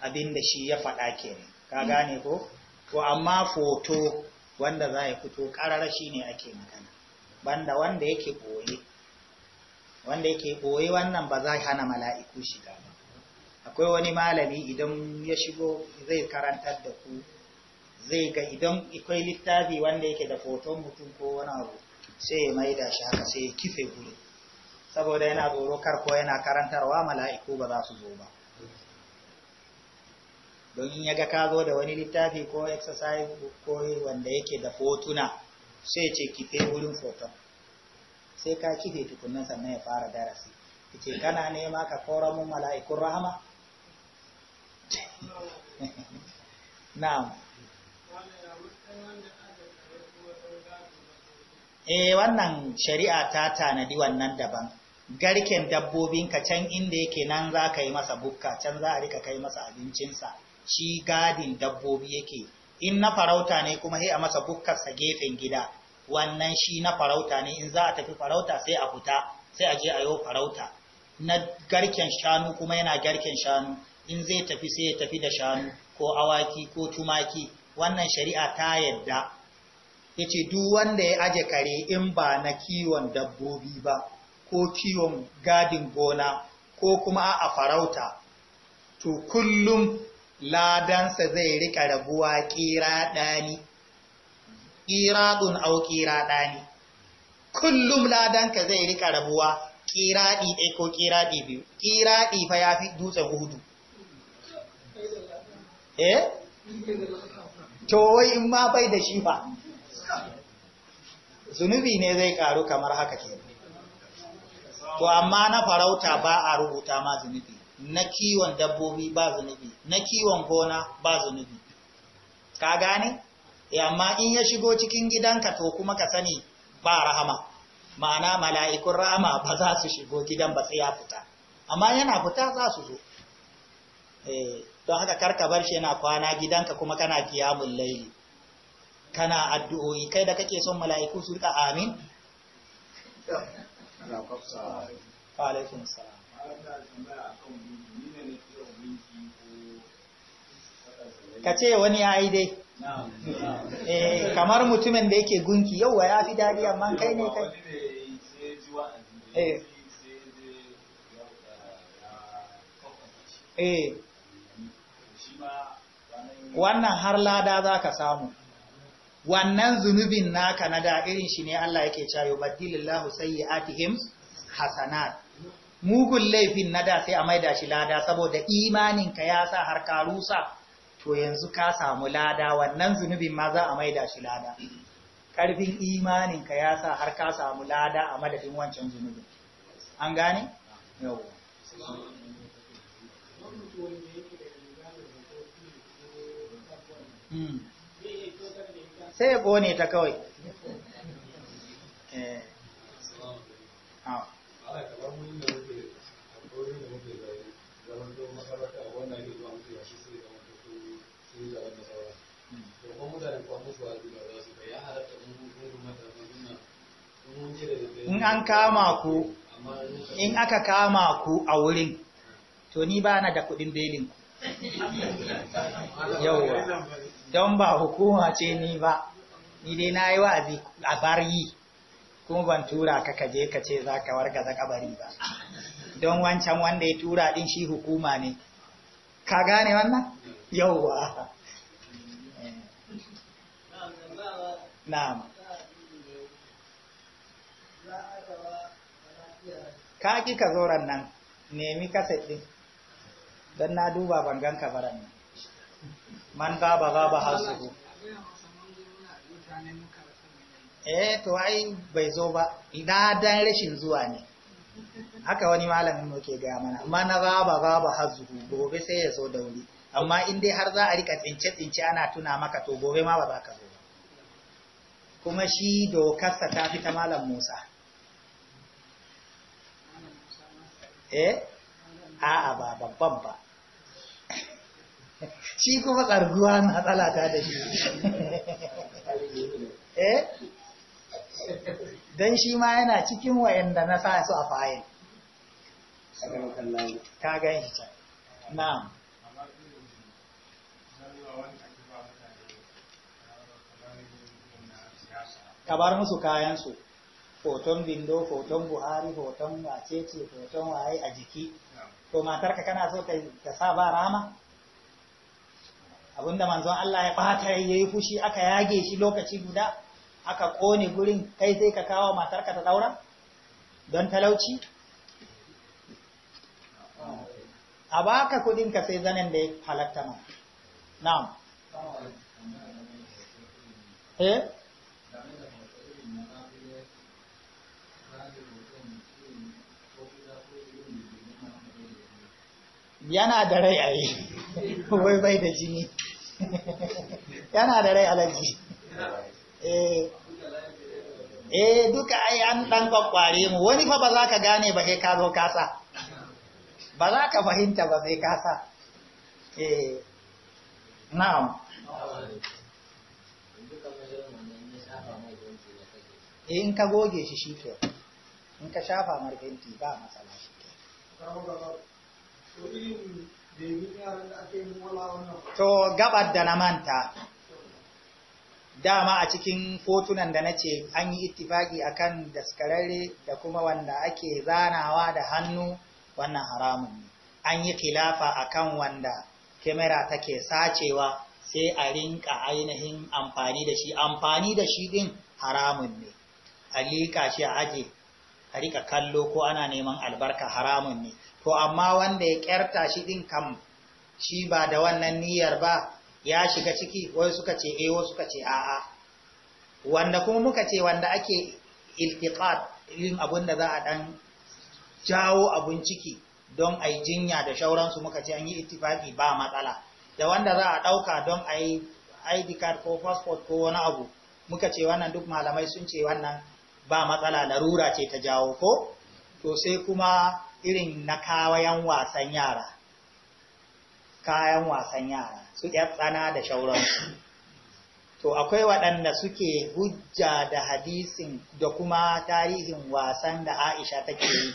abin da shi ya faɗa ke ka gane ko Ko amma foto wanda za ya fito ƙarar shi ne ake magana banda wanda yake ɓoye wanda yake boye wannan ba za hana mala'iku shiga ba akwai wani malami idan ya shigo zai karantar da ku zai ga idan akwai littafi wanda yake da foton mutum ko wani abu sai ya maida shi haka sai ya kife gure saboda yana tsoro kar ko yana karantarwa mala'iku ba za su zo ba don in ya ga ka zo da wani littafi ko exercise ko wanda yake da fotuna sai ce kife wurin foton sai ka kife tukunnan sannan ya fara darasi ce kana nema ka kora mun mala'ikun rahama na'am eh wannan shari'a ta tanadi wannan daban garken dabbobin ka can inda yake nan za ka yi masa bukka can za a rika kai masa abincinsa shi gadin dabbobi yake in na farauta ne kuma sai a masa bukkarsa gefen gida wannan shi na farauta ne in za a tafi farauta sai a fita sai a je a yi farauta na garken shanu kuma yana garken shanu in zai tafi sai ya tafi da shanu ko awaki ko tumaki wannan shari'a ta yadda ya ce duk wanda ya aje kare in ba na kiwon dabbobi ba ko kiwon gadin gona ko kuma a farauta to kullum ladansa zai rika rabuwa kira ɗani ƙiradun au ne kullum ladanka zai rika rabuwa ƙiraɗi ɗai ko ƙiraɗi biyu ƙiraɗi fa ya fi dutsen hudu eh to wai in ma bai da shi ba zunubi ne zai ƙaru kamar haka ke to amma na farauta ba a rubuta ma zunubi na kiwon dabbobi ba zunubi na kiwon gona ba zunubi ka gane Eh, amma in ya shigo cikin gidanka to kuma ka sani ba rahama ma'ana mala'ikun rahama ba za su shigo gidan ba sai ya fita amma yana fita za su zo eh, don haka karka bar shi yana kwana gidanka kuma kana mun laili kana addu'o'i kai da kake son mala'iku su rika amin ka ce wani ya yi dai eh kamar mutumin da yake gunki yau ya fi dadi amma kai ne kai eh. Eh. wannan har lada za ka samu wannan zunubin naka na da irin shi ne Allah yake cayo baddilillahu sayyi'atihim hasanat mugun laifin na da sai a maida shi lada saboda imaninka ya sa har ka rusa to yanzu ka samu lada wannan zunubin ma za a maida shi lada ƙarfin ka ya sa har ka samu lada a madadin wancan zunubin an gane? yau hmm. sai ya ƙone ta kawai eh ah. in an kama ku in aka kama ku a wurin to ni ba na da kudin belin ku yauwa don ba hukuma ce ni ba ni dai na yi wa'azi a bari kuma ban tura ka kaje ka ce za ka warga za kabari ba don wancan wanda ya tura din shi hukuma ne ka gane wannan yauwa na'am ka ki ka zoran nan nemi kaset ɗin don na duba ka kabaran nan man ba gaba hausu eh to ai bai zo ba ina dan rashin zuwa ne haka wani malamin mu ke gaya mana amma na ba gaba gobe sai ya zo da wuri amma in dai har za a rika tsince tsince ana tuna maka to gobe ma ba za ka zo kuma shi dokarsa ta fi ta malam musa eh a'a ba babban ba shi kuma tsarguwa matsala ta da shi eh don shi ma yana cikin wayanda na sa su a fayil ka gan shi na'am ka bar musu kayansu hoton bindo hoton buhari hoton wacece hoton waye a jiki to matarka kana so ta sa ba rama abinda manzon Allah ya bata yi fushi aka yage shi lokaci guda aka kone gurin kai sai ka kawo matarka ta daura don talauci a baka kudin ka sai zanen da ya halatta ma na'am eh yana da rai a yi wai bai da jini yana da rai alaji eh. eh duka ai an dan kwakware mu wani fa ba za ka gane ba sai ka zo kasa ba za ka fahimta ba sai kasa eh na'am eh, in ka goge shi shi ke in ka shafa marfenti ba matsala shi ke To gabar da na manta, dama a cikin fotunan da na ce an yi ittifaki akan daskararre da kuma wanda ake zanawa da hannu wannan haramun ne. An yi kilafa akan wanda kamera take sacewa sai a rinka ainihin amfani da shi, amfani da shi ɗin haramun ne, a liƙa shi a aje, a rika kallo ko ana neman albarka haramun ne. to amma wanda ya kyarta shi din kam shi ba da wannan niyyar ba ya shiga ciki wai suka ce eh wai suka ce a'a wanda kuma muka ce wanda ake iltiqat yin abun da za a dan jawo abun ciki don a yi jinya da shauransu muka ce an yi ittifaki ba matsala da wanda za a ɗauka don a yi id card ko passport ko wani abu muka ce wannan duk malamai sun ce wannan ba matsala larura ce ta jawo ko to sai kuma irin na kawayan wasan yara kayan wasan yara su tsana da shauransu to akwai waɗanda suke hujja da hadisin da kuma tarihin wasan da aisha take yi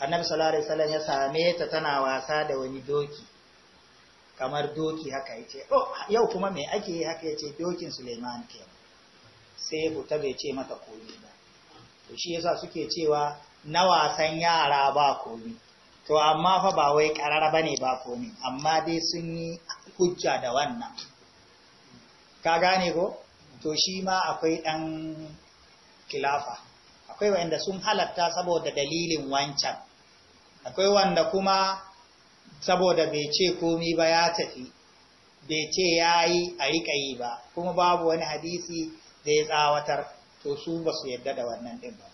annabi sallallahu alaihi ya same ta tana wasa da wani doki kamar doki haka yace oh yau kuma me ake yi haka yace dokin Suleiman ke sai fita bai ce mata koyi ba to shi yasa suke cewa na wasan yara ba komi to amma fa ba wai karar bane ba komi amma dai sun yi hujja da wannan ka gane ko to shi ma akwai ɗan kilafa akwai wanda sun halatta saboda dalilin wancan akwai wanda kuma saboda bai ce komi ba ya tafi bai ce ya yi a riƙa yi ba kuma babu wani hadisi da ya tsawatar to su ba su yadda da wannan ɗin ba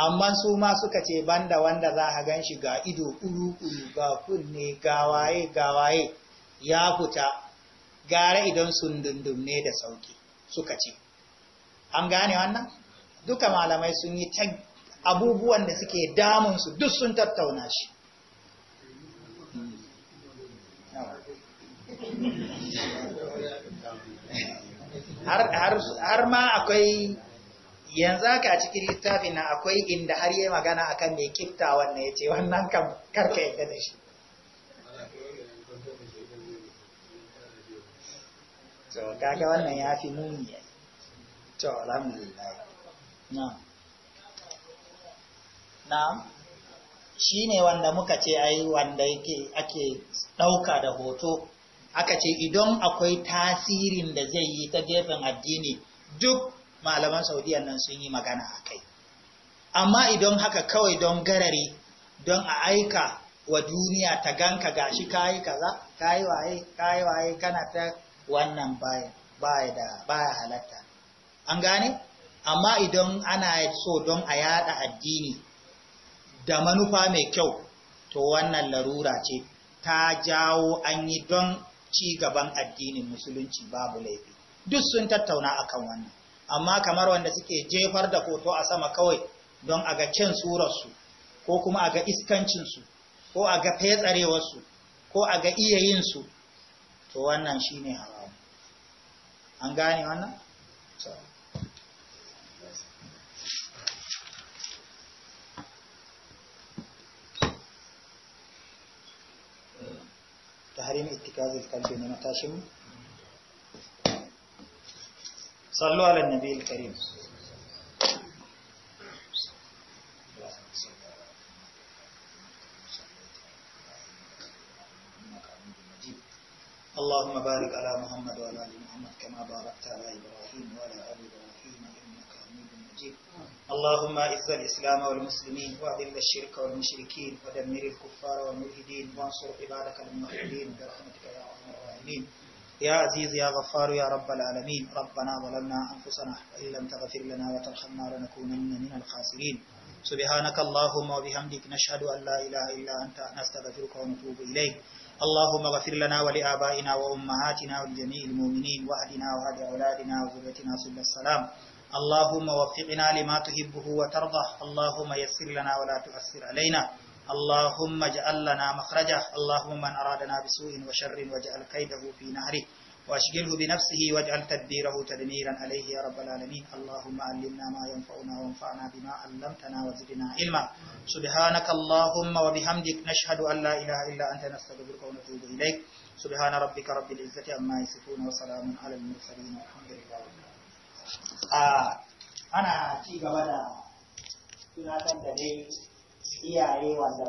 amma su ma suka ce banda wanda za a gan shi ga ido ƙuru-ƙuru ga kunne ga waye ya fita gara idan sun dundum ne da sauki suka ce an gane wannan duka malamai sun yi ta abubuwan da suke damunsu duk sun tattauna shi har ma akwai yanzu haka a cikin littafin nan akwai inda har yi magana kan mai kifta wannan ya ce wannan kan karka yadda da shi to kaga wannan ya fi muni to alhamdulillah Na shi ne wanda muka ce ai wanda yake ake dauka da hoto aka ce idan akwai tasirin da zai yi ta gefen addini duk malaman saudiyan nan sun yi magana a kai amma idan haka kawai don garari don a aika wa duniya ta ganka gashi kayi kaza kayi waye kayi waye kana ta wannan baya baya da baya halatta an gane amma idan ana so don a yada addini da manufa mai kyau to wannan larura ce ta jawo an yi don ci gaban addinin musulunci babu laifi duk sun tattauna akan wannan amma kamar wanda suke jefar da hoto a sama kawai don a ga cin surarsu ko kuma a ga iskancinsu ko a ga fetsarewarsu ko a ga iyayinsu to wannan shi ne haramu an gane wannan? تحريم اتكاز الكلب من متاشم صلوا على النبي الكريم اللهم بارك على محمد وعلى ال محمد كما باركت على ابراهيم وعلى ال ابراهيم انك حميد مجيد اللهم اعز الاسلام والمسلمين واذل الشرك والمشركين ودمر الكفار والملحدين وانصر عبادك الموحدين برحمتك يا ارحم الراحمين يا عزيز يا غفار يا رب العالمين ربنا ظلمنا أنفسنا وإن لم تغفر لنا وترحمنا لنكونن من الخاسرين سبحانك اللهم وبحمدك نشهد أن لا إله إلا أنت نستغفرك ونتوب إليك اللهم اغفر لنا ولآبائنا وأمهاتنا ولجميع المؤمنين واهدنا وأهل أولادنا وذريتنا سبل السلام اللهم وفقنا لما تحبه وترضى اللهم يسر لنا ولا تؤثر علينا اللهم اجعل لنا مخرجا اللهم من أرادنا بسوء وشر واجعل كيده في نهره واشغله بنفسه واجعل تدبيره تدميرا عليه يا رب العالمين اللهم علمنا ما ينفعنا وانفعنا بما علمتنا وزدنا علما سبحانك اللهم وبحمدك نشهد أن لا إله إلا أنت نستغفرك ونتوب إليك سبحان ربك رب العزة عما يصفون وسلام على المرسلين والحمد لله آه أنا في غدا tunatar da dai iyaye wanda